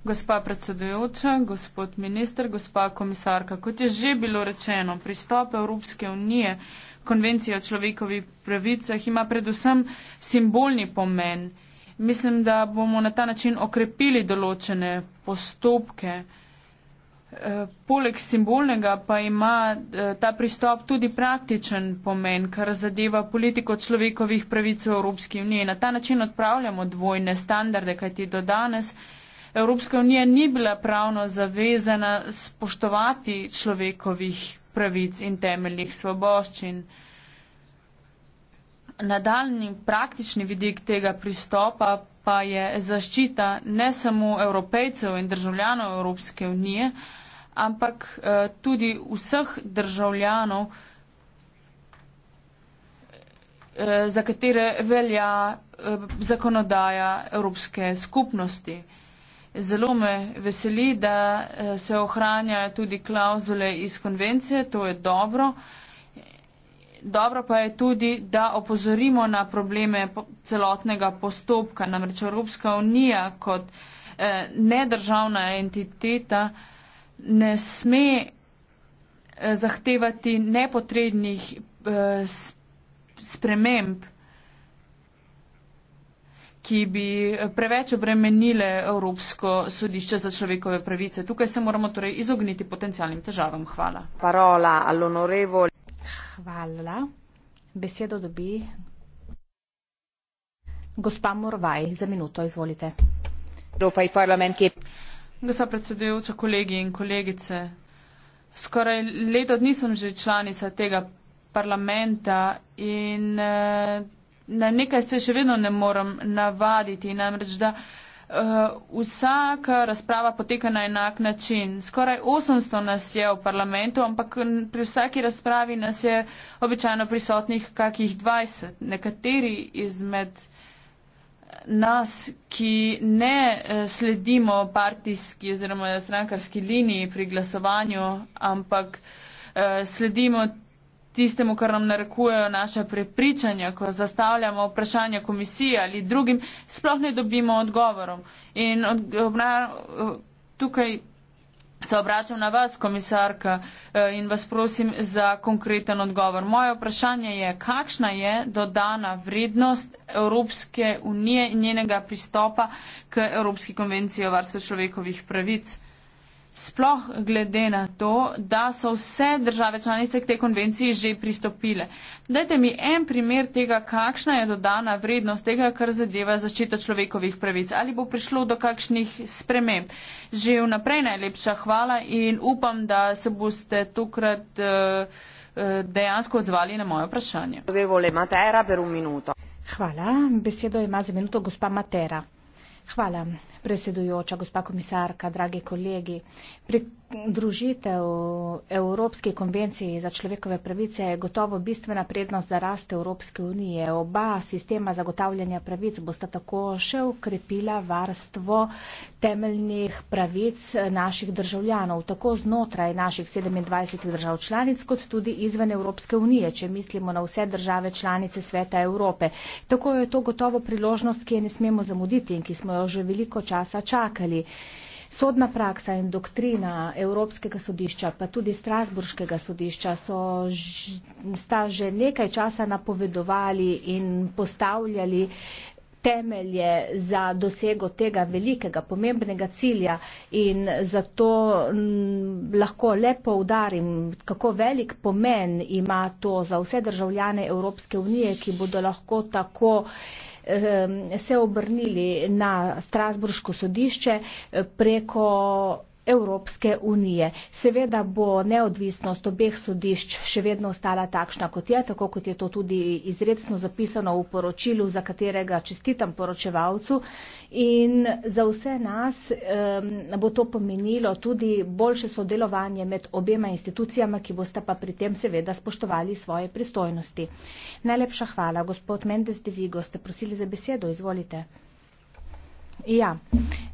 Gospa predsedujoča, gospod minister, gospa komisarka, kot je že bilo rečeno, pristop Evropske unije konvencije o človekovih pravicah ima predvsem simbolni pomen mislim, da bomo na ta način okrepili določene postopke. E, poleg simbolnega pa ima e, ta pristop tudi praktičen pomen, kar zadeva politiko človekovih pravic v Evropski uniji. Na ta način odpravljamo dvojne standarde, kajti do danes Evropska unija ni bila pravno zavezana spoštovati človekovih pravic in temeljnih svoboščin. E, nadaljni praktični vidik tega pristopa pa je zaščita ne samo evropejcev in državljanov Evropske unije, ampak eh, tudi vseh državljanov, eh, za katere velja eh, zakonodaja Evropske skupnosti. Zelo me veseli, da se ohranjajo tudi klauzule iz konvencije, to je dobro. Dobro pa je tudi, da opozorimo na probleme celotnega postopka. Namreč Evropska unija kot eh, nedržavna entiteta ne sme eh, zahtevati nepotrebnih eh, sprememb, ki bi preveč obremenile Evropsko sodišče za človekove pravice. Tukaj se moramo torej izogniti potencijalnim težavam. Hvala. Parola all'onorevole. Hvala. Besedo dobi gospa Morvaj. Za minuto izvolite. Gospa predsedujoča, kolegi in kolegice. Skoraj leto dni sem že članica tega parlamenta in eh, na nekaj se še vedno ne morem navaditi. Namreč, da Eh, vsaka razprava poteka na enak način. Skoraj 800 nas je v parlamentu, ampak pri vsaki razpravi nas je običajno prisotnih kakih 20. Nekateri izmed nas, ki ne eh, sledimo partijski oziroma strankarski liniji pri glasovanju, ampak eh, sledimo tistemu, kar nam narekujejo naše prepričanja, ko zastavljamo vprašanja komisiji ali drugim, sploh ne dobimo odgovorov. In od, obna, tukaj se obračam na vas, komisarka, eh, in vas prosim za konkreten odgovor. Moje vprašanje je, kakšna je dodana vrednost Evropske unije in njenega pristopa k Evropski konvenciji o varstvu človekovih pravic? sploh glede na to, da so vse države članice k tej konvenciji že pristopile. Dajte mi en primer tega, kakšna je dodana vrednost tega, kar zadeva zaščito človekovih pravic. Ali bo prišlo do kakšnih sprememb? Že vnaprej najlepša hvala in upam, da se boste tokrat eh, eh, dejansko odzvali na moje vprašanje. Hvala. Besedo ima za minuto gospa Matera. Hvala predsedujoča, gospa komisarka, dragi kolegi. Pridružitev Evropski konvenciji za človekove pravice je gotovo bistvena prednost za rast Evropske unije. Oba sistema zagotavljanja pravic bosta tako še ukrepila varstvo temeljnih pravic naših državljanov, tako znotraj naših 27 držav članic, kot tudi izven Evropske unije, če mislimo na vse države članice Sveta Evrope. Tako je to gotovo priložnost, ki je ne smemo zamuditi in ki smo jo že veliko časa časa čakali. Sodna praksa in doktrina Evropskega sodišča, pa tudi Strasburškega sodišča, so, sta že nekaj časa napovedovali in postavljali temelje za dosego tega velikega, pomembnega cilja in zato lahko lepo udarim, kako velik pomen ima to za vse državljane Evropske unije, ki bodo lahko tako eh, Ehm, se obrnili na Strasburško sodišče preko Evropske unije. Seveda bo neodvisnost obeh sodišč še vedno ostala takšna, kot je, tako kot je to tudi izredno zapisano v poročilu, za katerega čestitam poročevalcu. In za vse nas um, bo to pomenilo tudi boljše sodelovanje med obema institucijama, ki boste pa pri tem seveda spoštovali svoje pristojnosti. Najlepša hvala, gospod Mendes de Vigo, ste prosili za besedo, izvolite. Ja,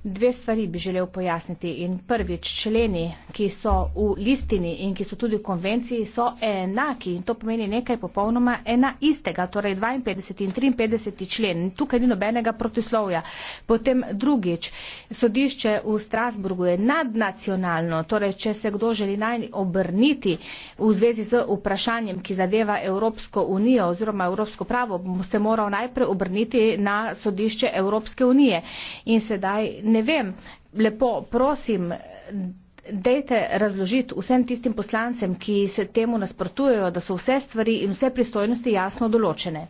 dve stvari bi želel pojasniti. In prvič, členi, ki so v listini in ki so tudi v konvenciji, so enaki in to pomeni nekaj popolnoma ena istega, torej 52 in 53 člen. Tukaj ni nobenega protislovja. Potem drugič, sodišče v Strasburgu je nadnacionalno, torej če se kdo želi naj obrniti v zvezi z vprašanjem, ki zadeva Evropsko unijo oziroma Evropsko pravo, se moral najprej obrniti na sodišče Evropske unije. In sedaj ne vem, lepo prosim, dejte razložiti vsem tistim poslancem, ki se temu nasprotujejo, da so vse stvari in vse pristojnosti jasno določene.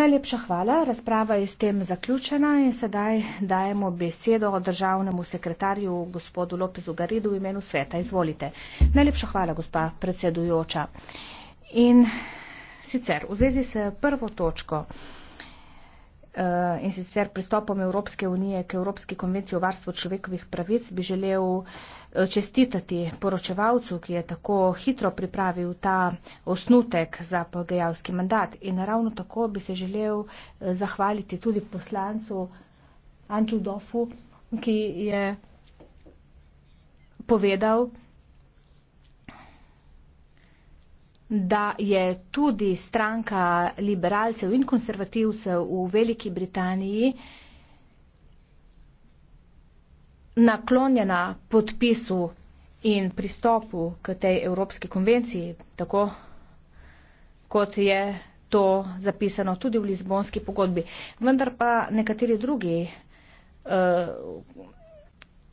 Najlepša hvala, razprava je s tem zaključena in sedaj dajemo besedo državnemu sekretarju gospodu Lopezu Garidu v imenu sveta. Izvolite. Najlepša hvala, gospa predsedujoča. In sicer v zvezi s prvo točko. Eh, in sicer pristopom Evropske unije k Evropski konvenciji o varstvu človekovih pravic bi želel eh, čestitati poročevalcu, ki je tako hitro pripravil ta osnutek za pogajalski mandat in ravno tako bi se želel eh, zahvaliti tudi poslancu Anču Dofu, ki je povedal, da je tudi stranka liberalcev in konservativcev v Veliki Britaniji naklonjena podpisu in pristopu k tej Evropski konvenciji, tako kot je to zapisano tudi v Lizbonski pogodbi. Vendar pa nekateri drugi uh,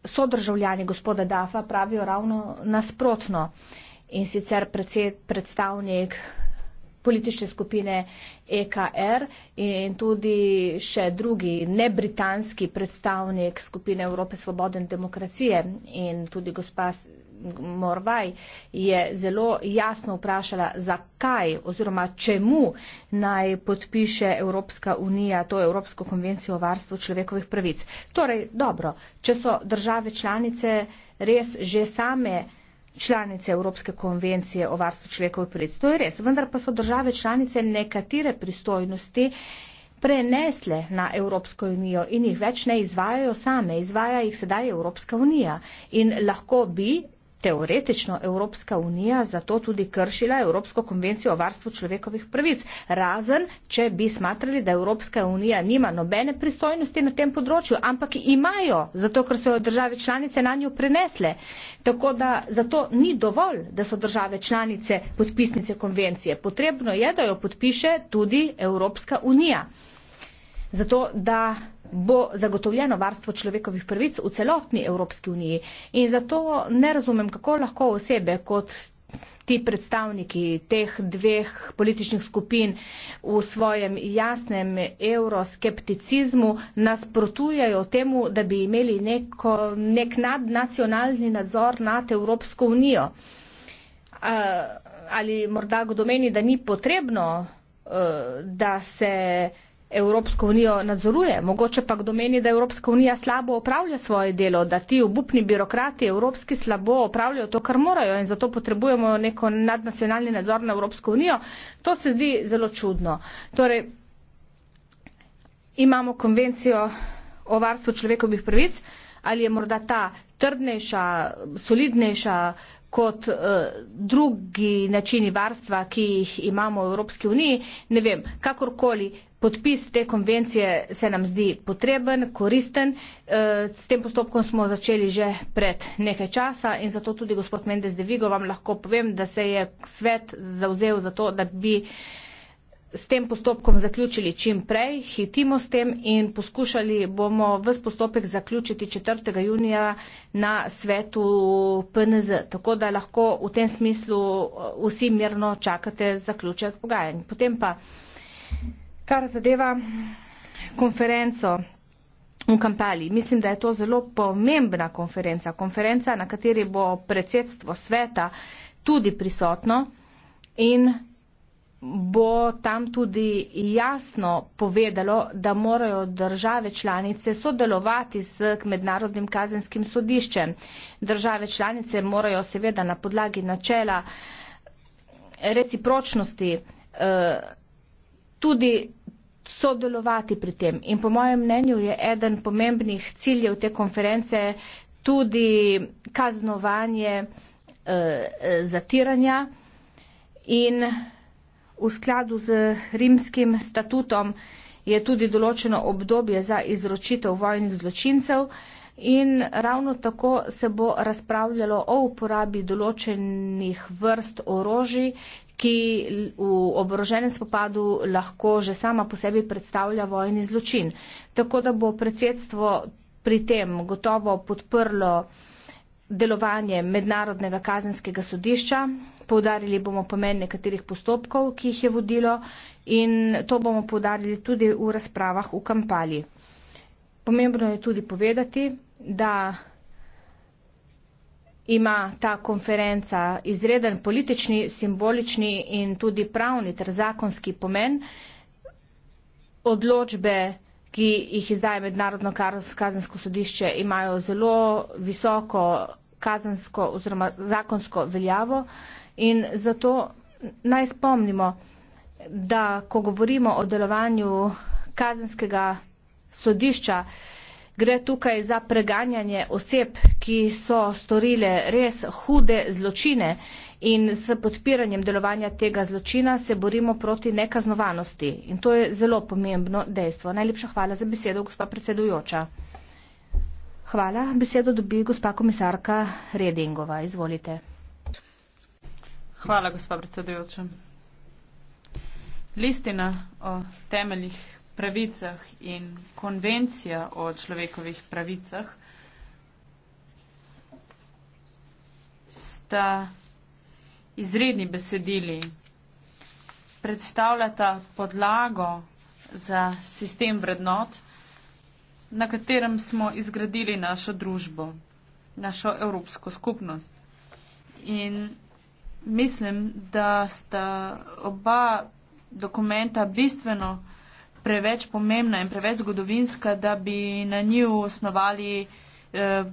sodržavljani gospoda Dafa pravijo ravno nasprotno. Uh, in sicer predstavnik politične skupine EKR er in tudi še drugi nebritanski predstavnik skupine Evrope svobode in demokracije in tudi gospa Morvaj je zelo jasno vprašala, zakaj oziroma čemu naj podpiše Evropska unija to Evropsko konvencijo o varstvu človekovih pravic. Torej, dobro, če so države članice res že same članice Evropske konvencije o varstvu človekovih pravic. To je res, vendar pa so države članice nekatere pristojnosti prenesle na Evropsko unijo in jih več ne izvajajo same, izvaja jih sedaj Evropska unija. In lahko bi teoretično Evropska unija zato tudi kršila Evropsko konvencijo o varstvu človekovih pravic, razen če bi smatrali, da Evropska unija nima nobene pristojnosti na tem področju, ampak imajo, zato ker so jo države članice na njo prenesle. Tako da zato ni dovolj, da so države članice podpisnice konvencije. Potrebno je, da jo podpiše tudi Evropska unija. Zato, da bo zagotovljeno varstvo človekovih prvic v celotni Evropski uniji. In zato ne razumem, kako lahko osebe kot ti predstavniki teh dveh političnih skupin v svojem jasnem euroskepticizmu nasprotujejo temu, da bi imeli neko, nek nadnacionalni nadzor nad Evropsko unijo. Ali morda kdo meni, da ni potrebno, eh, da se Evropsko unijo nadzoruje. Mogoče pa kdo meni, da Evropska unija slabo opravlja svoje delo, da ti obupni birokrati evropski slabo opravljajo to, kar morajo in zato potrebujemo neko nadnacionalni nadzor na Evropsko unijo. To se zdi zelo čudno. Torej, imamo konvencijo o varstvu človekovih prvic, ali je morda ta trdnejša, solidnejša, kot uh, drugi načini varstva, ki jih imamo v Evropski uniji. Ne vem, kakorkoli podpis te konvencije se nam zdi potreben, koristen. Uh, s tem postopkom smo začeli že pred nekaj časa in zato tudi gospod Mendes de Vigo vam lahko povem, da se je svet zauzel za to, da bi uh, s tem postopkom zaključili čim prej, hitimo s tem in poskušali bomo vse postopek zaključiti 4. junija na svetu PNZ, tako da lahko v tem smislu eh, vsi mirno čakate zaključek pogajanj. Potem pa, kar zadeva konferenco v Kampali, mislim, da je to zelo pomembna konferenca, konferenca, na kateri bo predsedstvo sveta tudi prisotno in bo tam tudi jasno povedalo, da morajo države članice sodelovati s mednarodnim kazenskim sodiščem. Države članice morajo seveda na podlagi načela recipročnosti eh, tudi sodelovati pri tem. In po mojem mnenju je eden pomembnih ciljev te konference tudi kaznovanje eh, eh, zatiranja in V skladu z rimskim statutom je tudi določeno obdobje za izročitev vojnih zločincev in ravno tako se bo razpravljalo o uporabi določenih vrst orožij, ki v oboroženem spopadu lahko že sama po sebi predstavlja vojni zločin. Tako da bo predsedstvo pri tem gotovo podprlo delovanje mednarodnega kazenskega sodišča, Poudarili bomo pomen nekaterih postopkov, ki jih je vodilo in to bomo poudarili tudi v razpravah v kampali. Pomembno je tudi povedati, da ima ta konferenca izreden politični, simbolični in tudi pravni ter zakonski pomen. Odločbe, ki jih izdaje Mednarodno kazensko sodišče, imajo zelo visoko kazensko oziroma zakonsko veljavo In zato naj spomnimo, da ko govorimo o delovanju kazenskega sodišča, gre tukaj za preganjanje oseb, ki so storile res hude zločine in s podpiranjem delovanja tega zločina se borimo proti nekaznovanosti. In to je zelo pomembno dejstvo. Najlepša hvala za besedo, gospa predsedujoča. Hvala. Besedo dobi gospa komisarka Redingova. Izvolite. Hvala, gospa predsedujoča. Listina o temeljih pravicah in konvencija o človekovih pravicah sta izredni besedili, predstavljata podlago za sistem vrednot, na katerem smo izgradili našo družbo, našo evropsko skupnost. In mislim, da sta oba dokumenta bistveno preveč pomembna in preveč zgodovinska, da bi na njih osnovali eh,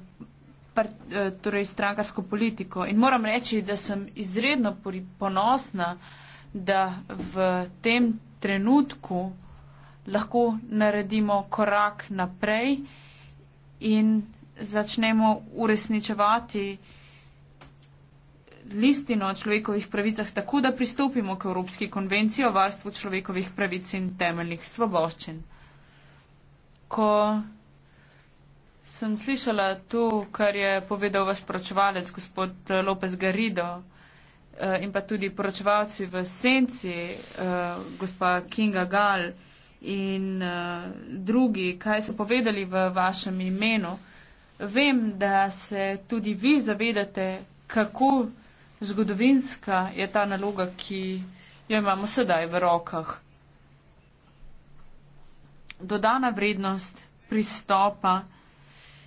eh, torej strankarsko politiko. In moram reči, da sem izredno ponosna, da v tem trenutku lahko naredimo korak naprej in začnemo uresničevati uh, listino o človekovih pravicah tako, da pristopimo k Evropski konvenciji o varstvu človekovih pravic in temeljnih svoboščin. Ko sem slišala to, kar je povedal vaš poročevalec, gospod Lopez Garido, eh, in pa tudi poročevalci v senci, eh, gospa Kinga Gal in eh, drugi, kaj so povedali v vašem imenu, vem, da se tudi vi zavedate, kako zgodovinska je ta naloga, ki jo imamo sedaj v rokah. Dodana vrednost pristopa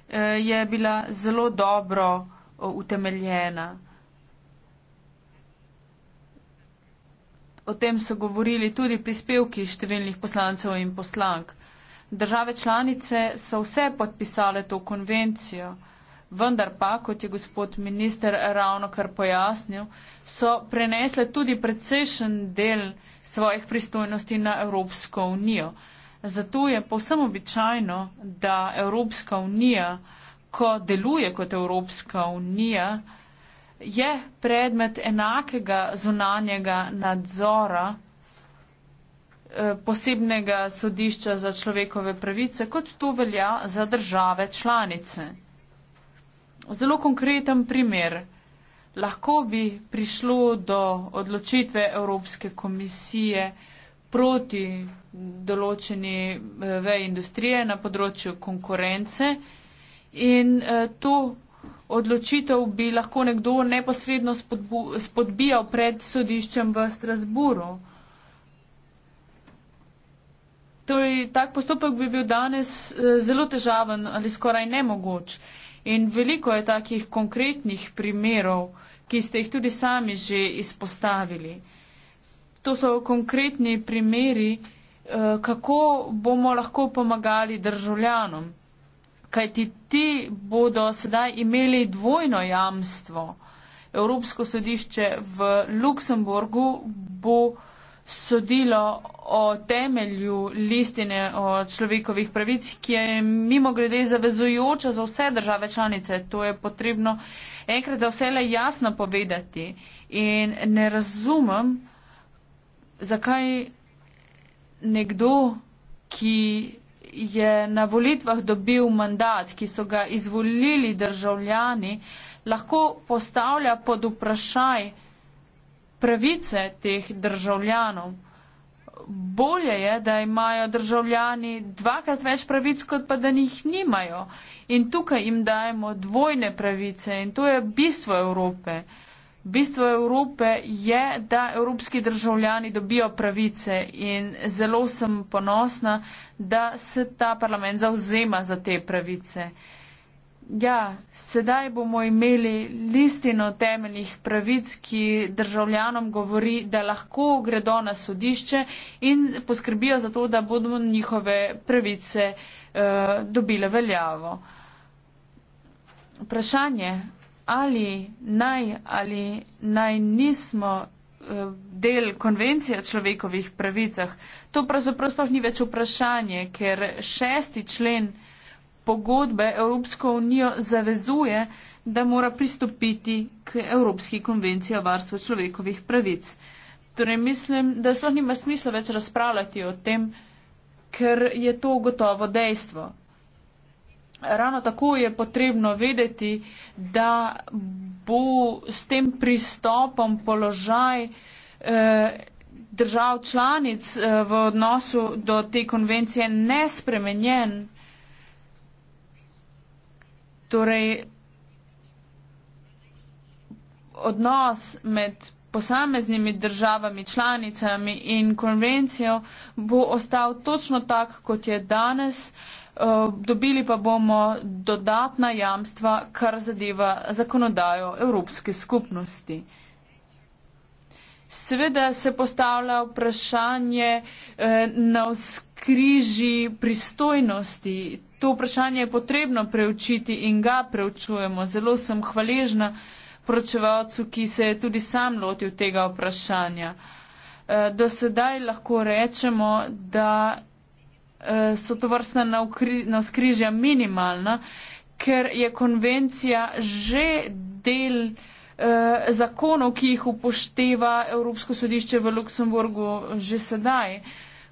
eh, je bila zelo dobro utemeljena. O tem so govorili tudi prispevki številnih poslancev in poslank. Države članice so vse podpisale to konvencijo vendar pa, kot je gospod minister ravno kar pojasnil, so prenesle tudi precejšen del svojih pristojnosti na Evropsko unijo. Zato je povsem običajno, da Evropska unija, ko deluje kot Evropska unija, je predmet enakega zunanjega nadzora eh, posebnega sodišča za človekove pravice, kot to velja za države članice zelo konkreten primer. Lahko bi prišlo do odločitve Evropske komisije proti določeni eh, veji industrije na področju konkurence in eh, to odločitev bi lahko nekdo neposredno spodbu, spodbijal pred sodiščem v Strasburu. Torej, tak postopek bi bil danes eh, zelo težaven ali skoraj nemogoč. Eh, In veliko je takih konkretnih primerov, ki ste jih tudi sami že izpostavili. To so konkretni primeri, eh, kako bomo lahko pomagali državljanom. Kaj ti ti bodo sedaj imeli dvojno jamstvo. Evropsko sodišče v Luksemburgu bo sodilo o temelju listine o človekovih pravic, ki je mimo grede zavezujoča za vse države članice. To je potrebno enkrat za vse le jasno povedati. In ne razumem, zakaj nekdo, ki je na volitvah dobil mandat, ki so ga izvolili državljani, lahko postavlja pod vprašanje, pravice teh državljanov. Bolje je, da imajo državljani dvakrat več pravic, kot pa da njih nimajo. In tukaj jim dajemo dvojne pravice in to je bistvo Evrope. Bistvo Evrope je, da evropski državljani dobijo pravice in zelo sem ponosna, da se ta parlament zauzema za te pravice. Ja, sedaj bomo imeli listino temeljnih pravic, ki državljanom govori, da lahko gredo na sodišče in poskrbijo za to, da bodo njihove pravice eh, dobile veljavo. Vprašanje, ali naj ali naj nismo eh, del konvencije o človekovih pravicah, to pravzaprav sploh ni več vprašanje, ker šesti člen pogodbe Evropsko unijo zavezuje, da mora pristopiti k Evropski konvenciji o varstvu človekovih pravic. Torej mislim, da sploh nima smisla več razpravljati o tem, ker je to gotovo dejstvo. Ravno tako je potrebno vedeti, da bo s tem pristopom položaj eh, držav članic eh, v odnosu do te konvencije nespremenjen, Torej, odnos med posameznimi državami, članicami in konvencijo bo ostal točno tak, kot je danes. Eh, dobili pa bomo dodatna jamstva, kar zadeva zakonodajo Evropske skupnosti. Sveda se postavlja vprašanje eh, na skriži pristojnosti to vprašanje je potrebno preučiti in ga preučujemo. Zelo sem hvaležna poročevalcu, ki se je tudi sam lotil tega vprašanja. Eh, do sedaj lahko rečemo, da eh, so to vrstna navskrižja minimalna, ker je konvencija že del eh, zakonov, ki jih upošteva Evropsko sodišče v Luksemburgu že sedaj.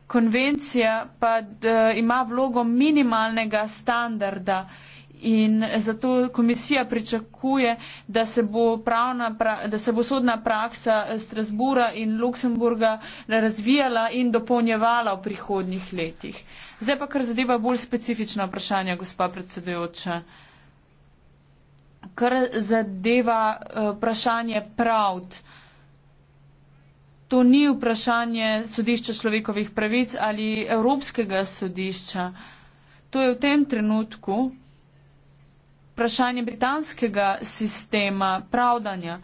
Konvencija pa ima vlogo minimalnega standarda in zato komisija pričakuje, da se bo, pravna, da se bo sodna praksa eh, Strasbura in Luksemburga razvijala in dopolnjevala v prihodnjih letih. Zdaj pa kar zadeva bolj specifična vprašanja, gospa predsedujoča. Kar zadeva eh, vprašanje pravd to ni vprašanje sodišča človekovih pravic ali Evropskega sodišča. To je v tem trenutku vprašanje britanskega sistema pravdanja.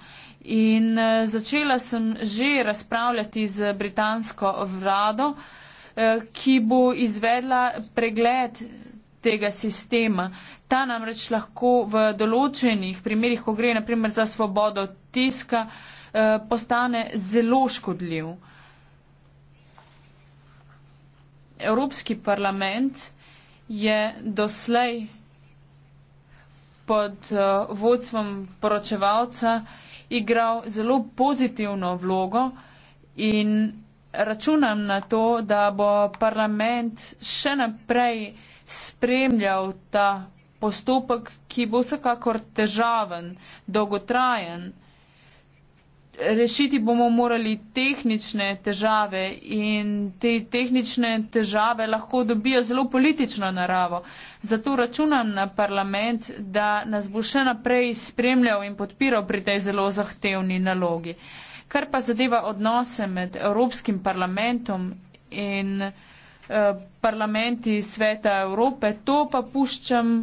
In eh, začela sem že razpravljati z britansko vlado, eh, ki bo izvedla pregled tega sistema. Ta namreč lahko v določenih primerjih, ko gre naprimer za svobodo tiska, Eh, postane zelo škodljiv. Evropski parlament je doslej pod eh, vodstvom poročevalca igral zelo pozitivno vlogo in računam na to, da bo parlament še naprej spremljal ta postopek, ki bo vsekakor težaven, dolgotrajen, rešiti bomo morali tehnične težave in te tehnične težave lahko dobijo zelo politično naravo. Zato računam na parlament, da nas bo še naprej spremljal in podpiral pri tej zelo zahtevni nalogi. Kar pa zadeva odnose med Evropskim parlamentom in eh, parlamenti sveta Evrope, to pa puščam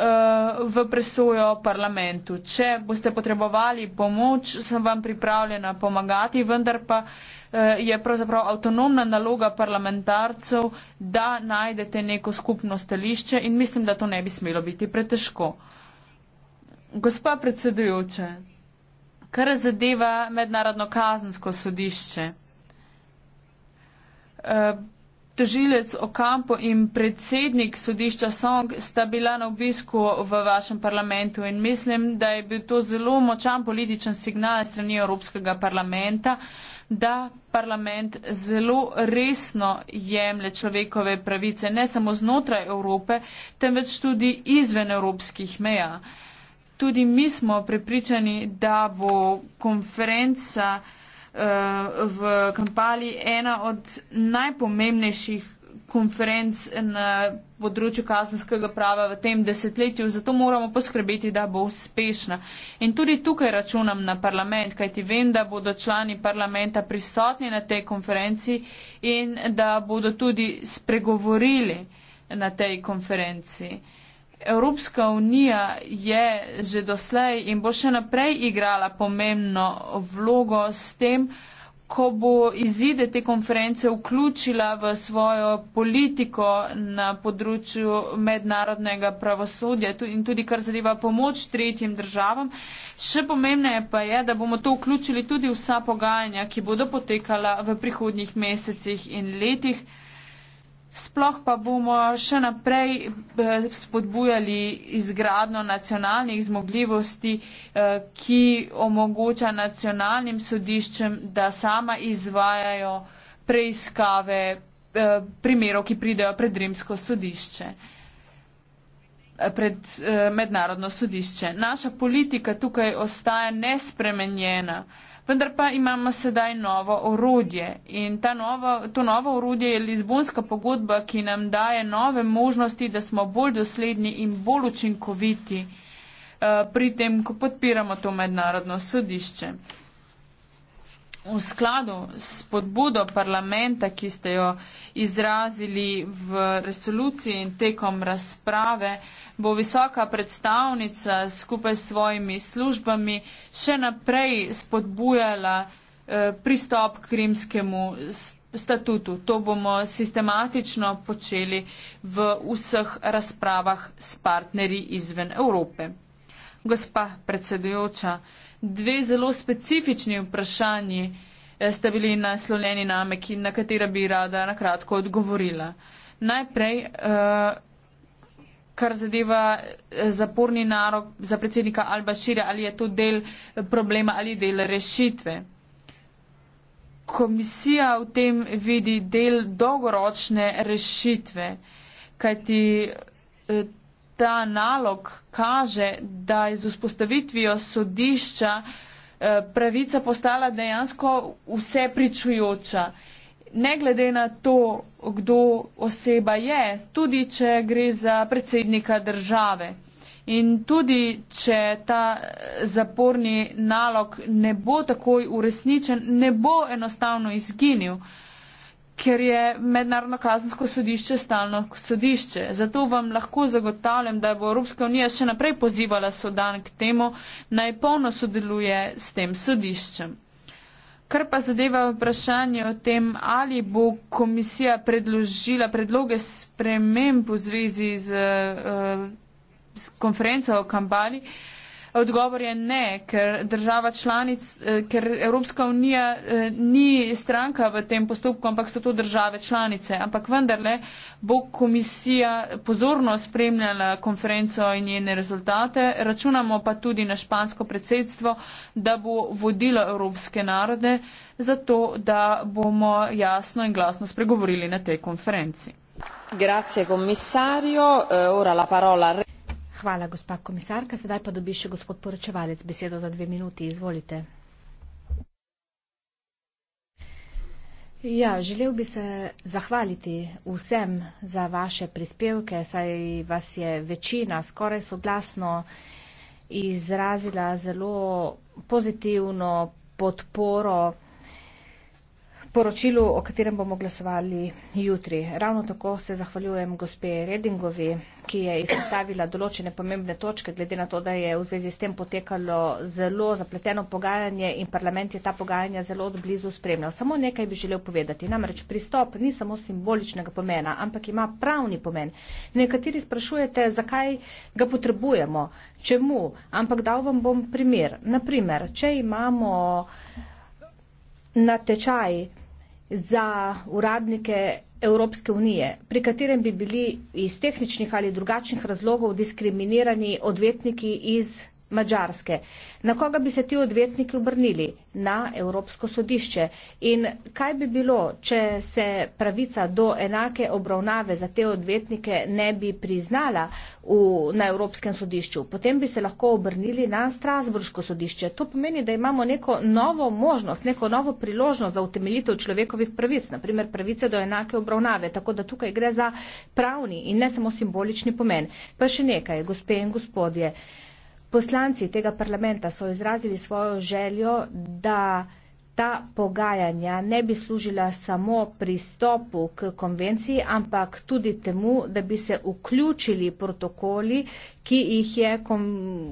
uh, v presojo parlamentu. Če boste potrebovali pomoč, sem vam pripravljena pomagati, vendar pa uh, je pravzaprav avtonomna naloga parlamentarcev, da najdete neko skupno stališče in mislim, da to ne bi smelo biti pretežko. Gospa predsedujoče, kar zadeva mednarodno kazansko sodišče. Uh, tožilec Okampo in predsednik sodišča Song sta bila na obisku v vašem parlamentu in mislim, da je bil to zelo močan političen signal strani Evropskega parlamenta, da parlament zelo resno jemlje človekove pravice, ne samo znotraj Evrope, temveč tudi izven evropskih meja. Tudi mi smo prepričani, da bo konferenca v Kampali, ena od najpomembnejših konferenc na področju kazenskega prava v tem desetletju, zato moramo poskrbeti, da bo uspešna. In tudi tukaj računam na parlament, kajti vem, da bodo člani parlamenta prisotni na tej konferenci in da bodo tudi spregovorili na tej konferenci. Evropska unija je že doslej in bo še naprej igrala pomembno vlogo s tem, ko bo izide te konference vključila v svojo politiko na področju mednarodnega pravosodja in tudi kar zadeva pomoč tretjim državam. Še pomembneje pa je, da bomo to vključili tudi vsa pogajanja, ki bodo potekala v prihodnjih mesecih in letih. Sploh pa bomo še naprej eh, spodbujali izgradno nacionalnih zmogljivosti, eh, ki omogoča nacionalnim sodiščem, da sama izvajajo preiskave eh, primerov, ki pridejo pred rimsko sodišče, pred mednarodno sodišče. Naša politika tukaj ostaja nespremenjena vendar pa imamo sedaj novo orodje in novo, to novo orodje je Lizbonska pogodba, ki nam daje nove možnosti, da smo bolj dosledni in bolj učinkoviti eh, pri tem, ko podpiramo to mednarodno sodišče. V skladu s podbudo parlamenta, ki ste jo izrazili v resoluciji in tekom razprave, bo visoka predstavnica skupaj s svojimi službami še naprej spodbujala eh, pristop k rimskemu statutu. To bomo sistematično počeli v vseh razpravah s partnerji izven Evrope. Gospa predsedujoča, dve zelo specifični vprašanji eh, ste bili nasloljeni name, na katera bi rada na kratko odgovorila. Najprej, eh, kar zadeva eh, zaporni narok za predsednika Alba Šire, ali je to del problema ali del rešitve. Komisija v tem vidi del dolgoročne rešitve, kajti ta nalog kaže, da je z vzpostavitvijo sodišča eh, pravica postala dejansko vse pričujoča. Ne glede na to, kdo oseba je, tudi če gre za predsednika države. In tudi, če ta eh, zaporni nalog ne bo takoj uresničen, ne bo enostavno izginil. Uh, ker je mednarodno kazansko sodišče stalno sodišče. Zato vam lahko zagotavljam, da bo Evropska unija še naprej pozivala Sodan k temu, naj polno sodeluje s tem sodiščem. Kar pa zadeva vprašanje o tem, ali bo komisija predložila predloge sprememb v zvezi z, z eh, konferenco o Kambali. Odgovor je ne, ker država članic, eh, ker Evropska unija eh, ni stranka v tem postopku, ampak so to države članice. Ampak vendarle bo komisija pozorno spremljala konferenco in njene rezultate. Računamo pa tudi na špansko predsedstvo, da bo vodilo evropske narode za to, da bomo jasno in glasno spregovorili na tej konferenci. Grazie, Hvala, gospa komisarka. Sedaj pa dobi še gospod poročevalec besedo za dve minuti. Izvolite. Ja, želel bi se zahvaliti vsem za vaše prispevke, saj vas je večina skoraj soglasno izrazila zelo pozitivno podporo poročilu, o katerem bomo glasovali jutri. Ravno tako se zahvaljujem gospe Redingovi, ki je izpostavila določene pomembne točke, glede na to, da je v zvezi s tem potekalo zelo zapleteno pogajanje in parlament je ta pogajanja zelo odblizu spremljal. Samo nekaj bi želel povedati. Namreč pristop ni samo simboličnega pomena, ampak ima pravni pomen. Nekateri sprašujete, zakaj ga potrebujemo, čemu, ampak dal vam bom primer. Naprimer, če imamo natečaj za uradnike Evropske unije, pri katerem bi bili iz tehničnih ali drugačnih razlogov diskriminirani odvetniki iz Mačarske. Na koga bi se ti odvetniki obrnili? Na Evropsko sodišče. In kaj bi bilo, če se pravica do enake obravnave za te odvetnike ne bi priznala v, na Evropskem sodišču? Potem bi se lahko obrnili na Strasburško sodišče. To pomeni, da imamo neko novo možnost, neko novo priložnost za utemeljitev človekovih pravic, naprimer pravice do enake obravnave. Tako da tukaj gre za pravni in ne samo simbolični pomen. Pa še nekaj, gospe in gospodje. Poslanci tega parlamenta so izrazili svojo željo, da ta pogajanja ne bi služila samo pristopu k konvenciji, ampak tudi temu, da bi se vključili protokoli, ki jih je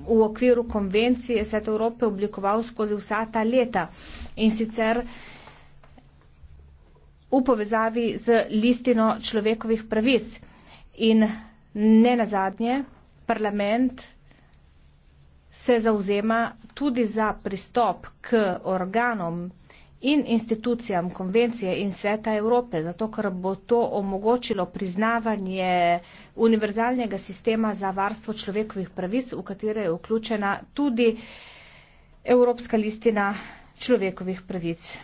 v okviru konvencije Svet Evrope oblikoval skozi vsa ta leta. In sicer v povezavi z listino človekovih pravic. In ne nazadnje, parlament se zauzema tudi za pristop k organom in institucijam konvencije in sveta Evrope, zato ker bo to omogočilo priznavanje univerzalnega sistema za varstvo človekovih pravic, v katere je vključena tudi Evropska listina človekovih pravic.